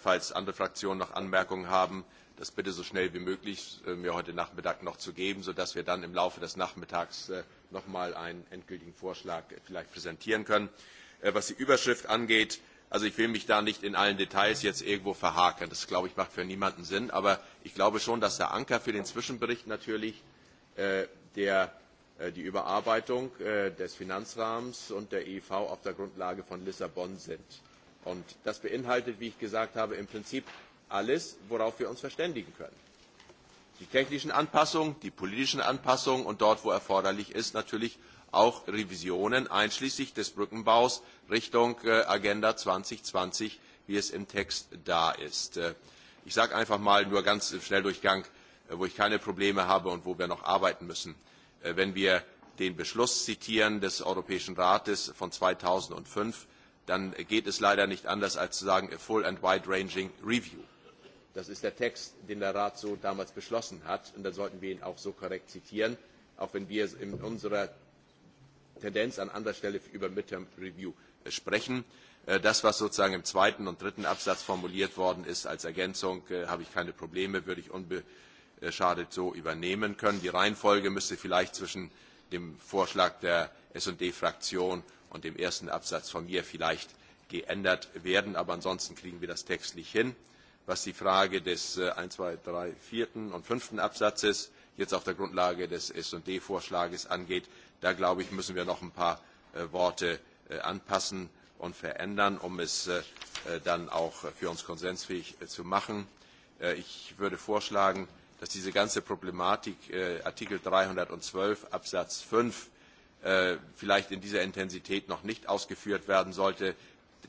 Falls andere Fraktionen noch Anmerkungen haben, das bitte so schnell wie möglich mir heute Nachmittag noch zu geben, sodass wir dann im Laufe des Nachmittags noch mal einen endgültigen Vorschlag vielleicht präsentieren können. Was die Überschrift angeht, Also ich will mich da nicht in allen Details jetzt irgendwo verhaken. Das, glaube ich, macht für niemanden Sinn. Aber ich glaube schon, dass der Anker für den Zwischenbericht natürlich äh, der, äh, die Überarbeitung äh, des Finanzrahmens und der EV auf der Grundlage von Lissabon sind. Und das beinhaltet, wie ich gesagt habe, im Prinzip alles, worauf wir uns verständigen können. Die technischen Anpassungen, die politischen Anpassungen und dort, wo erforderlich ist, natürlich auch Revisionen einschließlich des Brückenbaus Richtung äh, Agenda 2020, wie es im Text da ist. Äh, ich sage einfach mal nur ganz im Schnelldurchgang, äh, wo ich keine Probleme habe und wo wir noch arbeiten müssen. Äh, wenn wir den Beschluss zitieren des Europäischen Rates von 2005, dann geht es leider nicht anders, als zu sagen, a full and wide-ranging review. Das ist der Text, den der Rat so damals beschlossen hat, und dann sollten wir ihn auch so korrekt zitieren, auch wenn wir in unserer Tendenz an anderer Stelle über Midterm Review äh, sprechen. Äh, das, was sozusagen im zweiten und dritten Absatz formuliert worden ist als Ergänzung, äh, habe ich keine Probleme, würde ich unbeschadet so übernehmen können. Die Reihenfolge müsste vielleicht zwischen dem Vorschlag der S&D-Fraktion und dem ersten Absatz von mir vielleicht geändert werden, aber ansonsten kriegen wir das textlich hin. Was die Frage des 1, 2, 3, 4. und 5. Absatzes jetzt auf der Grundlage des S&D-Vorschlages angeht, Da, glaube ich, müssen wir noch ein paar äh, Worte äh, anpassen und verändern, um es äh, äh, dann auch für uns konsensfähig äh, zu machen. Äh, ich würde vorschlagen, dass diese ganze Problematik äh, Artikel 312 Absatz 5 äh, vielleicht in dieser Intensität noch nicht ausgeführt werden sollte.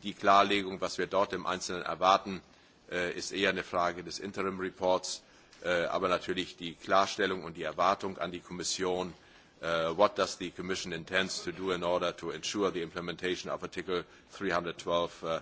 Die Klarlegung, was wir dort im Einzelnen erwarten, äh, ist eher eine Frage des Interim Reports. Äh, aber natürlich die Klarstellung und die Erwartung an die Kommission äh, uh, what does the Commission intend to do in order to ensure the implementation of Artikel 312.5 uh,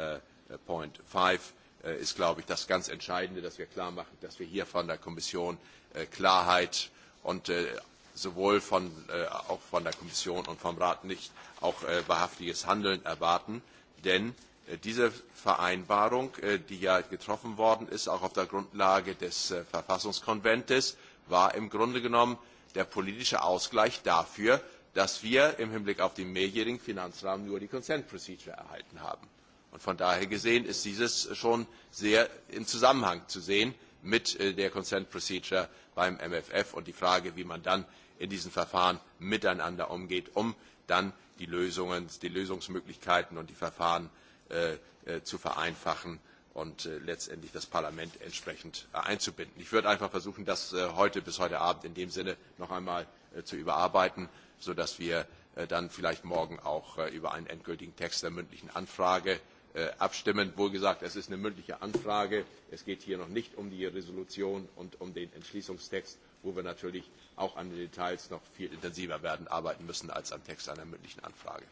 uh, point 5, äh, ist, glaube ich, das ganz Entscheidende, dass wir klar machen, dass wir hier von der Kommission äh, Klarheit und äh, sowohl von, äh, auch von der Kommission und vom Rat nicht auch äh, wahrhaftiges Handeln erwarten. Denn äh, diese Vereinbarung, äh, die ja getroffen worden ist, auch auf der Grundlage des äh, Verfassungskonventes, war im Grunde genommen äh, der politische Ausgleich dafür, dass wir im Hinblick auf den mehrjährigen Finanzrahmen nur die Consent Procedure erhalten haben. Und von daher gesehen ist dieses schon sehr im Zusammenhang zu sehen mit äh, der Consent Procedure beim MFF und die Frage, wie man dann in diesen Verfahren miteinander umgeht, um dann die, Lösungen, die Lösungsmöglichkeiten und die Verfahren äh, äh, zu vereinfachen und äh, letztendlich das Parlament entsprechend äh, einzubinden. Ich würde einfach versuchen, das äh, heute bis heute Abend in dem Sinne noch einmal äh, zu überarbeiten, sodass wir äh, dann vielleicht morgen auch äh, über einen endgültigen Text der mündlichen Anfrage äh, abstimmen. Wohl gesagt, es ist eine mündliche Anfrage. Es geht hier noch nicht um die Resolution und um den Entschließungstext, wo wir natürlich auch an den Details noch viel intensiver werden arbeiten müssen als am Text einer mündlichen Anfrage.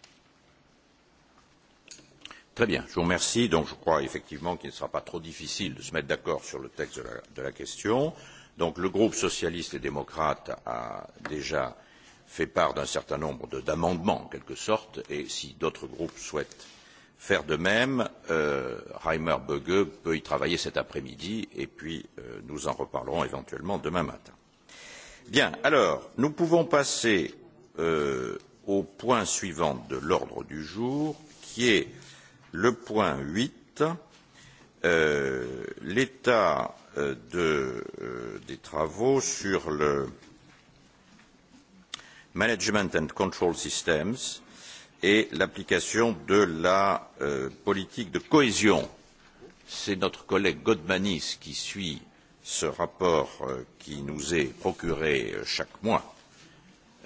Très bien, je vous remercie. Donc je crois effectivement qu'il ne sera pas trop difficile de se mettre d'accord sur le texte de la, de la question. Donc le groupe socialiste et démocrate a déjà fait part d'un certain nombre d'amendements en quelque sorte et si d'autres groupes souhaitent faire de même, euh, Reimer Böge peut y travailler cet après-midi et puis euh, nous en reparlerons éventuellement demain matin. Bien, alors nous pouvons passer euh, au point suivant de l'ordre du jour qui est le point huit euh, l'état euh, de, euh, des travaux sur le management and control systems et l'application de la euh, politique de cohésion. C'est notre collègue Godmanis qui suit ce rapport euh, qui nous est procuré euh, chaque mois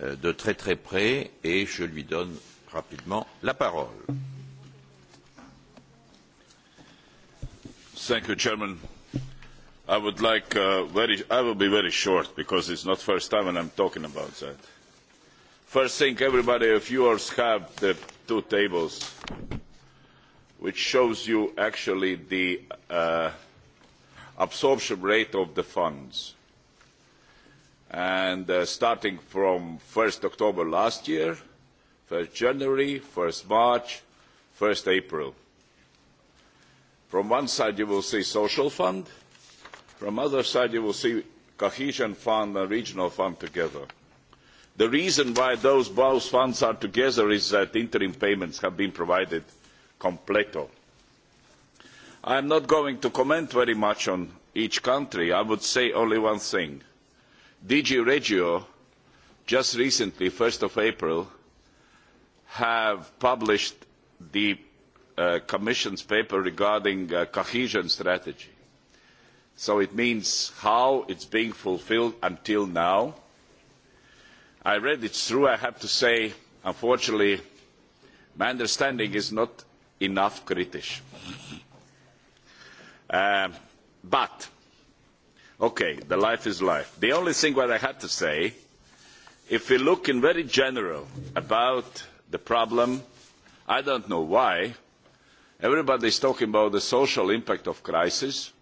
euh, de très très près et je lui donne rapidement la parole. Merci Thank you, Chairman. I would like uh, very, I will be very short because it's not first time and I'm talking about that. First thing, everybody of yours have the two tables, which shows you actually the uh, absorption rate of the funds. And uh, starting from 1st October last year, 1st January, 1st March, 1st April. From one side, you will see social fund. From other side, you will see cohesion fund and regional fund together. The reason why those both funds are together is that interim payments have been provided completo. I am not going to comment very much on each country. I would say only one thing. DG Regio just recently, 1st of April, have published the uh, Commission's paper regarding uh, cohesion strategy. So it means how it's being fulfilled until now. I read it through. I have to say, unfortunately, my understanding is not enough critisch. [LAUGHS] um, but, okay, the life is life. The only thing what I had to say, if we look in very general about the problem, I don't know why, Everybody is talking about the social impact of crisis,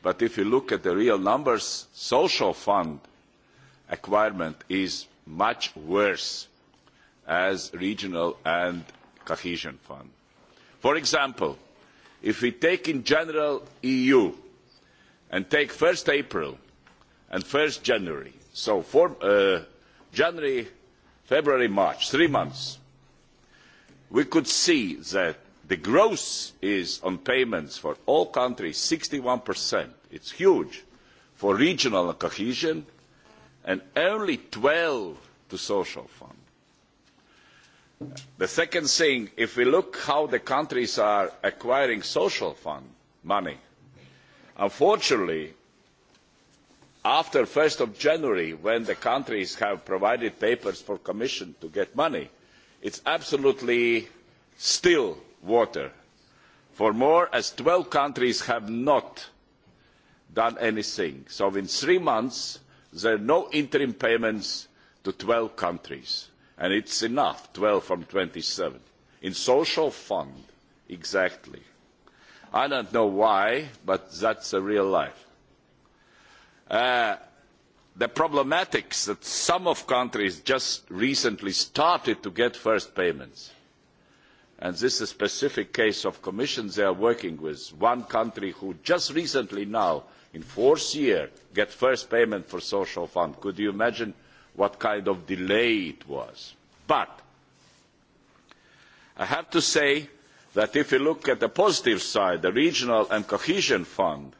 but if you look at the real numbers, social fund acquirement is much worse as regional and cohesion fund. For example, if we take in general EU and take 1st April and 1st January, so for, uh, January, February, March, three months, we could see that The growth is on payments for all countries 61%. It's huge for regional cohesion and only 12 to social fund. The second thing, if we look how the countries are acquiring social fund money, unfortunately, after 1st of January, when the countries have provided papers for Commission to get money, it's absolutely still water. For more as 12 countries have not done anything. So in three months, there are no interim payments to 12 countries. And it's enough, 12 from 27. In social fund, exactly. I don't know why, but that's a real life. Uh, the problematics that some of countries just recently started to get first payments – and this is a specific case of commissions they are working with, one country who just recently now, in fourth year, get first payment for social fund. Could you imagine what kind of delay it was? But I have to say that if you look at the positive side, the regional and cohesion fund,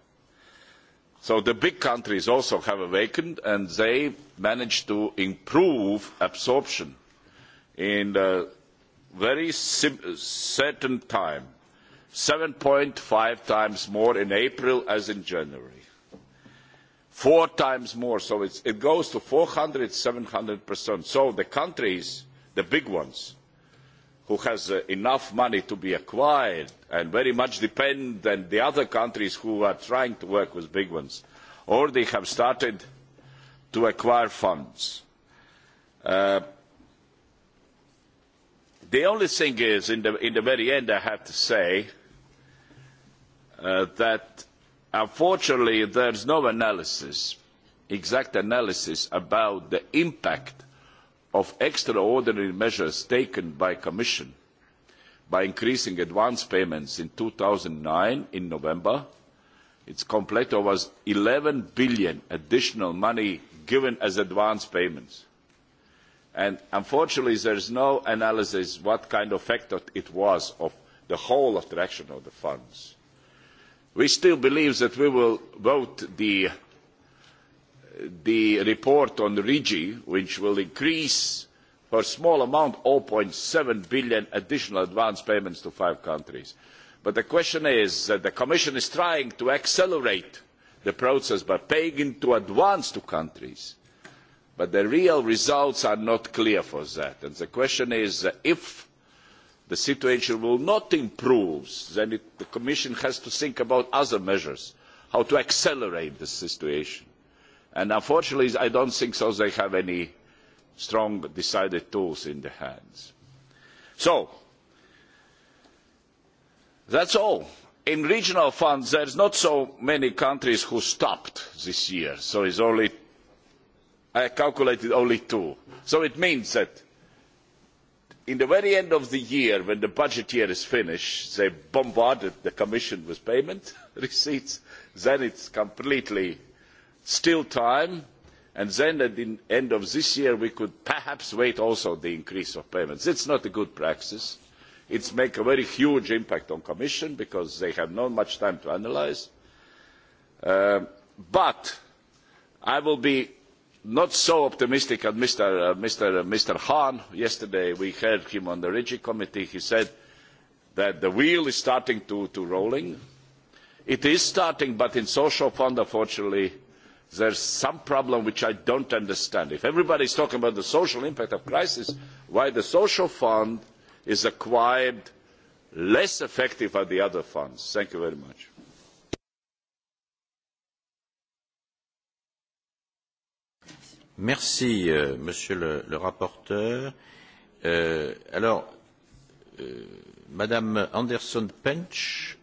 so the big countries also have awakened and they managed to improve absorption in the very certain time, 7.5 times more in April as in January. Four times more, so it's, it goes to 400, 700%. So the countries, the big ones, who has uh, enough money to be acquired and very much depend on the other countries who are trying to work with big ones, or they have started to acquire funds. Uh, The only thing is, in the, in the very end, I have to say uh, that unfortunately there's no analysis, exact analysis about the impact of extraordinary measures taken by Commission by increasing advance payments in 2009 in November. Its completo was 11 billion additional money given as advance payments And unfortunately, there is no analysis what kind of factor it was of the whole attraction of the funds. We still believe that we will vote the, the report on RIGI, which will increase for a small amount, 0.7 billion additional advance payments to five countries. But the question is that the Commission is trying to accelerate the process by paying to advance to countries but the real results are not clear for that. And the question is, uh, if the situation will not improve, then it, the Commission has to think about other measures, how to accelerate the situation. And unfortunately, I don't think so they have any strong, decided tools in their hands. So, that's all. In regional funds, there's not so many countries who stopped this year, so it's only I calculated only two. So it means that in the very end of the year, when the budget year is finished, they bombarded the Commission with payment [LAUGHS] receipts. Then it's completely still time. And then at the end of this year, we could perhaps wait also the increase of payments. It's not a good practice. It's make a very huge impact on Commission because they have not much time to analyze. Uh, but I will be not so optimistic as Mr. Uh, Mr. Uh, Mr. Hahn. Yesterday we heard him on the RIGI committee. He said that the wheel is starting to, to rolling. It is starting, but in social fund, unfortunately, there's some problem which I don't understand. If everybody's talking about the social impact of crisis, why the social fund is acquired less effective than the other funds? Thank you very much. Merci, euh, monsieur le, le rapporteur. Euh, alors, euh, madame Anderson Pench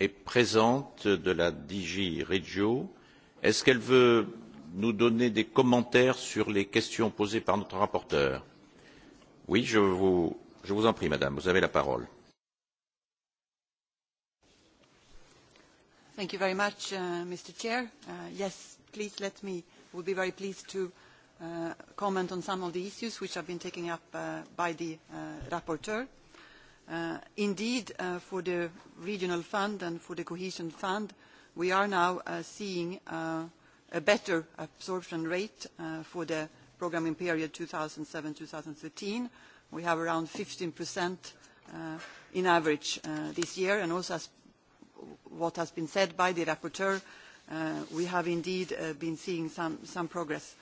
est présente de la DG Regio. Est-ce qu'elle veut nous donner des commentaires sur les questions posées par notre rapporteur Oui, je vous, je vous en prie, madame, vous avez la parole. Thank you very much, uh, Mr. Chair. Uh, yes, please let me uh, would be very pleased to uh, comment on some of the issues which have been taken up uh, by the uh, rapporteur. Uh, indeed, uh, for the regional fund and for the cohesion fund, we are now uh, seeing uh, a better absorption rate uh, for the programming period 2007-2013. We have around 15% uh, in average uh, this year, and also as what has been said by the rapporteur, uh, we have indeed uh, been seeing some, some progress.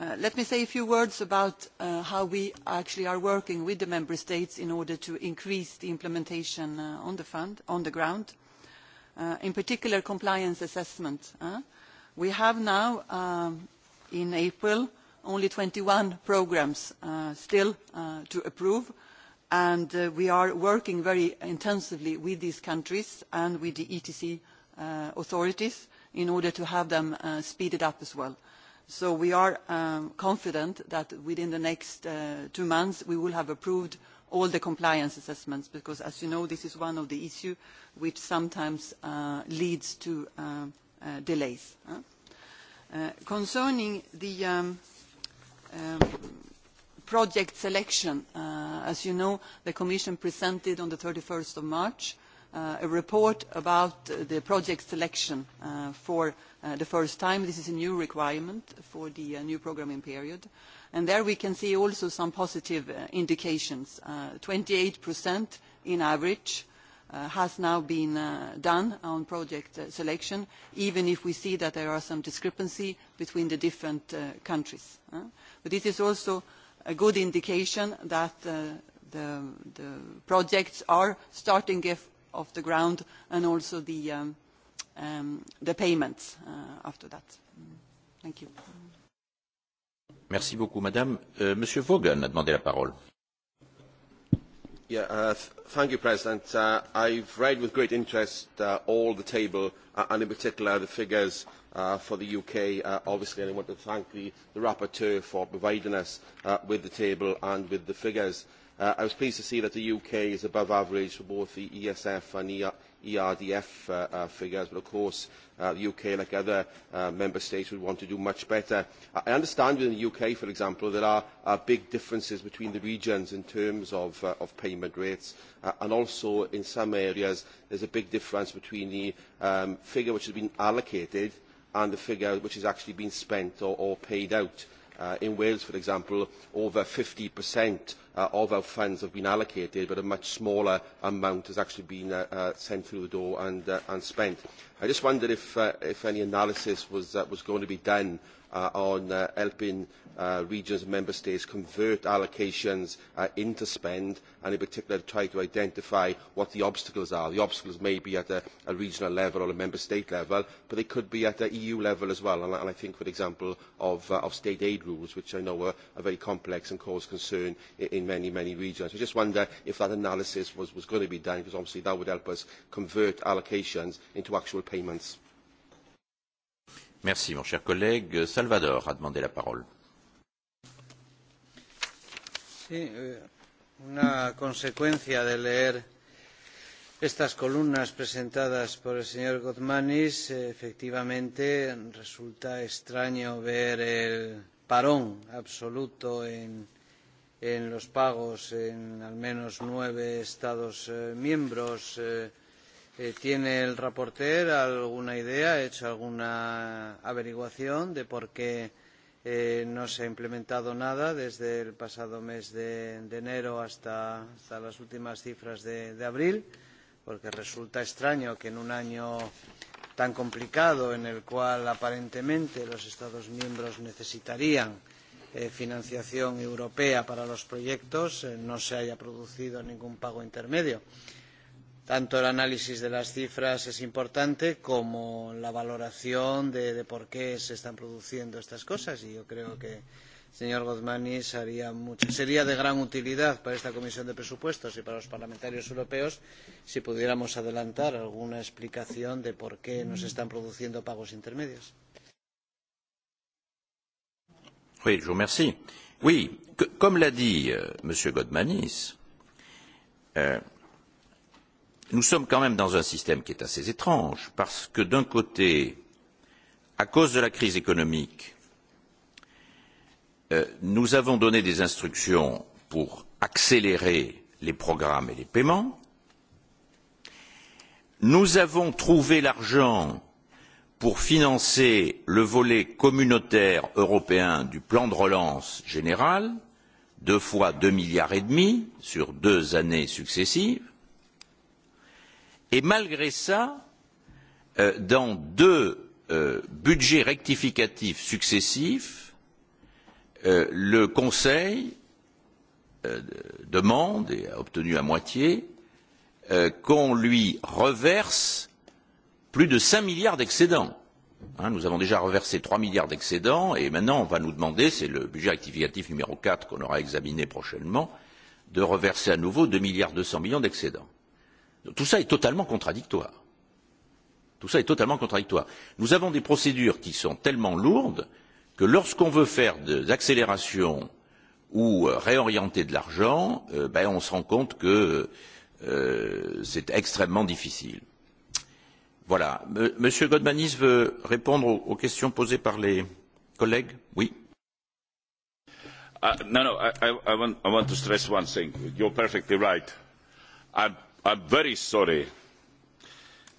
Uh, let me say a few words about uh, how we actually are working with the member states in order to increase the implementation uh, on the fund, on the ground. Uh, in particular, compliance assessment. Uh, we have now, um, in April, only 21 programs uh, still uh, to approve, and uh, we are working very intensively with these countries and with the ETC uh, authorities in order to have them uh, speeded up as well. So we are um, confident that within the next uh, two months, we will have approved all the compliance assessments, because as you know, this is one of the issue which sometimes uh, leads to uh, uh, delays. Uh, concerning the um, um, project selection, as you know, the Commission presented on the 31st of March uh, a report about uh, the project selection uh, for uh, the first time. This is a new requirement for the uh, new programming period. And there we can see also some positive uh, indications. Uh, 28% in average uh, has now been uh, done on project uh, selection, even if we see that there are some discrepancy between the different uh, countries. Uh? But this is also a good indication that uh, the, the projects are starting of the ground and also the, um, um, the payments uh, after that. Mm. Thank you. Merci beaucoup, Madame. Uh, Monsieur Vaughan a demandé la parole. Yeah, uh, th thank you, President. Uh, I've read with great interest uh, all the table, uh, and in particular the figures uh, for the UK, uh, obviously, and I want to thank the, the rapporteur for providing us uh, with the table and with the figures. Uh, Uh, I was pleased to see that the UK is above average for both the ESF and ER, ERDF uh, uh, figures, but of course uh, the UK, like other uh, member states, would want to do much better. I understand in the UK, for example, there are uh, big differences between the regions in terms of, uh, of payment rates, uh, and also in some areas there's a big difference between the um, figure which has been allocated and the figure which has actually been spent or, or paid out. Uh, Uh, in Wales, for example, over 50% uh, of our funds have been allocated, but a much smaller amount has actually been uh, uh, sent through the door and, uh, and spent. I just wondered if, uh, if any analysis was, uh, was going to be done uh, uh, on uh, helping uh, regions and member states convert allocations uh, into spend and in particular try to identify what the obstacles are. The obstacles may be at a, a regional level or a member state level, but they could be at the EU level as well. And, and I think, for example, of, uh, of state aid rules, which I know are, are very complex and cause concern in, in many, many regions. I just wonder if that analysis was, was going to be done, because obviously that would help us convert allocations into actual payments. Merci, mon cher collègue. Salvador a demandé la parole. Sí, eh, una consecuencia de leer estas columnas presentadas por el señor Gozmanis, eh, efectivamente resulta extraño ver el parón absoluto en, en los pagos en al menos nueve Estados eh, miembros. Eh, Eh, ¿Tiene el reporter alguna idea, ha hecho alguna averiguación de por qué eh, no se ha implementado nada desde el pasado mes de, de enero hasta, hasta las últimas cifras de, de abril? Porque resulta extraño que en un año tan complicado en el cual aparentemente los Estados miembros necesitarían eh, financiación europea para los proyectos eh, no se haya producido ningún pago intermedio. Eh, tanto el análisis de las cifras es importante como la valoración de, de por qué se están produciendo estas cosas y yo creo que señor Gozmanis haría mucho, sería de gran utilidad para esta comisión de presupuestos y para los parlamentarios europeos si pudiéramos adelantar alguna explicación de por qué nos están produciendo pagos intermedios. Oui, je vous remercie. Oui, que, comme l'a dit euh, M. Godmanis, euh, nous sommes quand même dans un système qui est assez étrange parce que d'un côté, à cause de la crise économique, euh, nous avons donné des instructions pour accélérer les programmes et les paiements. Nous avons trouvé l'argent pour financer le volet communautaire européen du plan de relance général, deux fois deux milliards et demi sur deux années successives Et malgré ça, euh, dans deux euh, budgets rectificatifs successifs, euh, le Conseil euh, demande et a obtenu à moitié euh, qu'on lui reverse plus de 5 milliards d'excédents. Hein, nous avons déjà reversé 3 milliards d'excédents et maintenant on va nous demander, c'est le budget rectificatif numéro 4 qu'on aura examiné prochainement, de reverser à nouveau 2 milliards 200 millions d'excédents. Tout ça est totalement contradictoire. Tout ça est totalement contradictoire. Nous avons des procédures qui sont tellement lourdes que lorsqu'on veut faire des accélérations ou euh, réorienter de l'argent, euh, ben on se rend compte que euh, c'est extrêmement difficile. Voilà. M Monsieur Godmanis veut répondre aux, aux questions posées par les collègues. Oui. Uh, no, no. I, I, I, want, I want to stress one thing. You're perfectly right. I'm I'm very sorry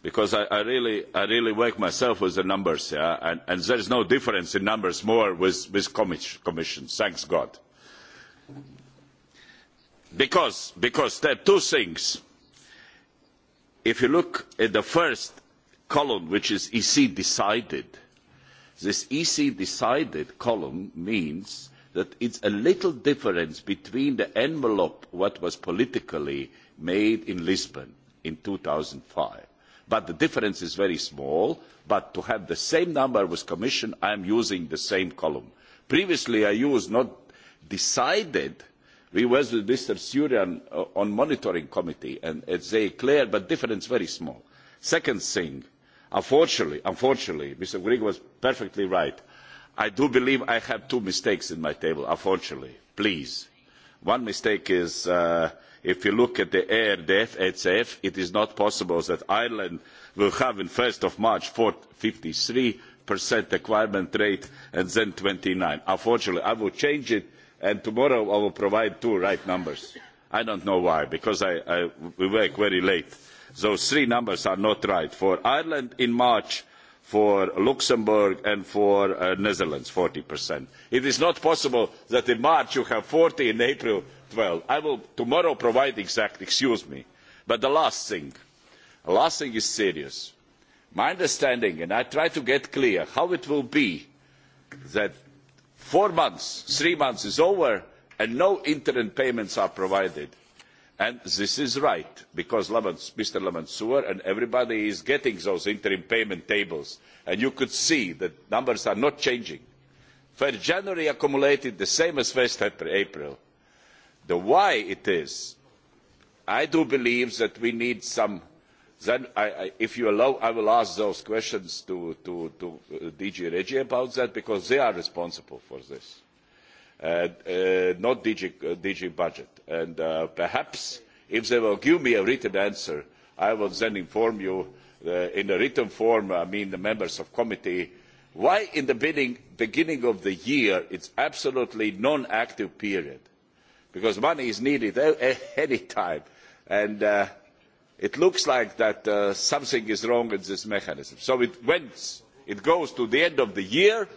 because I, I really I really work myself with the numbers, yeah, and, and there is no difference in numbers more with with commis, commission. Thanks God. Because because there are two things. If you look at the first column, which is EC decided, this EC decided column means that it's a little difference between the envelope what was politically uh, made in Lisbon in 2005. But the difference is very small, but to have the same number with Commission, I am using the same column. Previously, I used not decided. We was with Mr. Surian uh, on monitoring committee, and it's very clear, but difference very small. Second thing, unfortunately, unfortunately, Mr. Grieg was perfectly right. I do believe I have two mistakes in my table, unfortunately. Please, One mistake is uh, if you look at the ARDF, HF, it is not possible that Ireland will have in 1st of March 4, 53% acquirement rate and then 29. Unfortunately, I will change it and tomorrow I will provide two right numbers. I don't know why, because I, I, we work very late. Those three numbers are not right. For Ireland in March, for Luxembourg and for uh, Netherlands, 40%. It is not possible that in March you have 40, in April 12. I will tomorrow provide exact, excuse me. But the last thing, the last thing is serious. My understanding, and I try to get clear how it will be that four months, three months is over and no interim payments are provided and this is right because mr lamassoure and everybody is getting those interim payment tables and you could see that numbers are not changing. first january accumulated the same as first april. the why it is i do believe that we need some then I, I, if you allow i will ask those questions to, to, to uh, dg regi about that because they are responsible for this uh, uh, not DG, uh, DG budget And uh, perhaps if they will give me a written answer, I will then inform you uh, in a written form, I mean the members of committee, why in the beginning, beginning of the year it's absolutely non-active period. Because money is needed any time. And uh, it looks like that uh, something is wrong in this mechanism. So it, when it goes to the end of the year,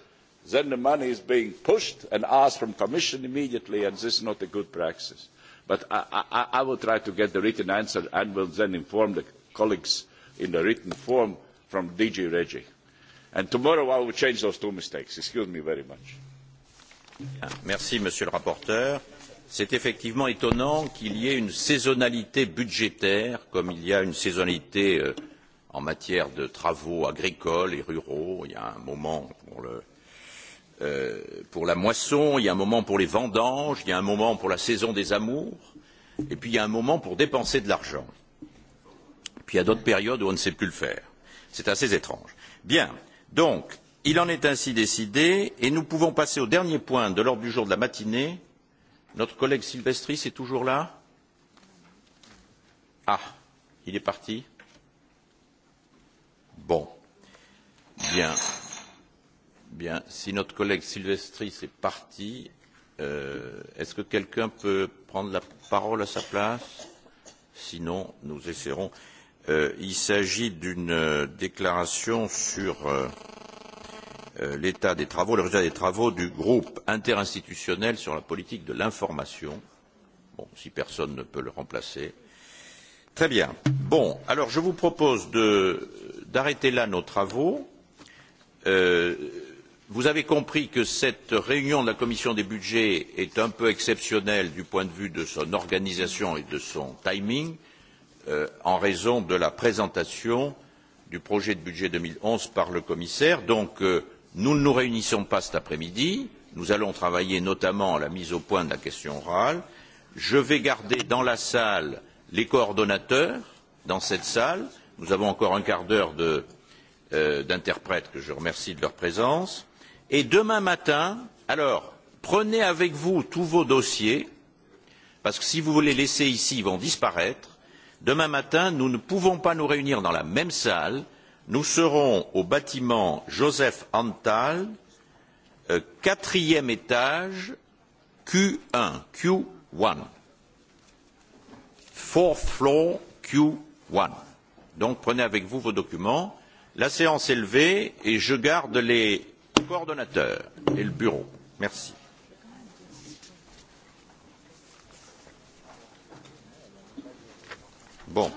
then the money is being pushed and asked from Commission immediately, and this is not a good practice. But I, I, I will try to get the written answer and will then inform the colleagues in the written form from DG Regi. And tomorrow I will change those two mistakes. Excuse me very much. Merci, Monsieur le rapporteur. C'est effectivement étonnant qu'il y ait une saisonnalité budgétaire, comme il y a une saisonnalité euh, en matière de travaux agricoles et ruraux. Il y a un moment pour le, euh, pour la moisson, il y a un moment pour les vendanges, il y a un moment pour la saison des amours, et puis il y a un moment pour dépenser de l'argent. Puis il y a d'autres périodes où on ne sait plus le faire. C'est assez étrange. Bien, donc, il en est ainsi décidé, et nous pouvons passer au dernier point de l'ordre du jour de la matinée. Notre collègue Silvestri, c'est toujours là Ah, il est parti Bon. Bien. Bien, si notre collègue Silvestris est parti, euh, est-ce que quelqu'un peut prendre la parole à sa place Sinon, nous essaierons. Euh, il s'agit d'une euh, déclaration sur euh, euh, l'état des travaux, le résultat des travaux du groupe interinstitutionnel sur la politique de l'information. Bon, si personne ne peut le remplacer. Très bien. Bon, alors je vous propose d'arrêter là nos travaux. Euh, Vous avez compris que cette réunion de la commission des budgets est un peu exceptionnelle du point de vue de son organisation et de son timing euh, en raison de la présentation du projet de budget 2011 par le commissaire. Donc euh, nous ne nous réunissons pas cet après-midi. Nous allons travailler notamment à la mise au point de la question orale. Je vais garder dans la salle les coordonnateurs, dans cette salle. Nous avons encore un quart d'heure euh, d'interprètes euh, que je remercie de leur présence Et demain matin, alors, prenez avec vous tous vos dossiers, parce que si vous les laissez ici, ils vont disparaître. Demain matin, nous ne pouvons pas nous réunir dans la même salle. Nous serons au bâtiment Joseph Antal, euh, quatrième euh, étage, Q1, Q1. Fourth floor, Q1. Donc prenez avec vous vos documents. La séance est levée et je garde les coordonnateurs et le bureau. Merci. Bon.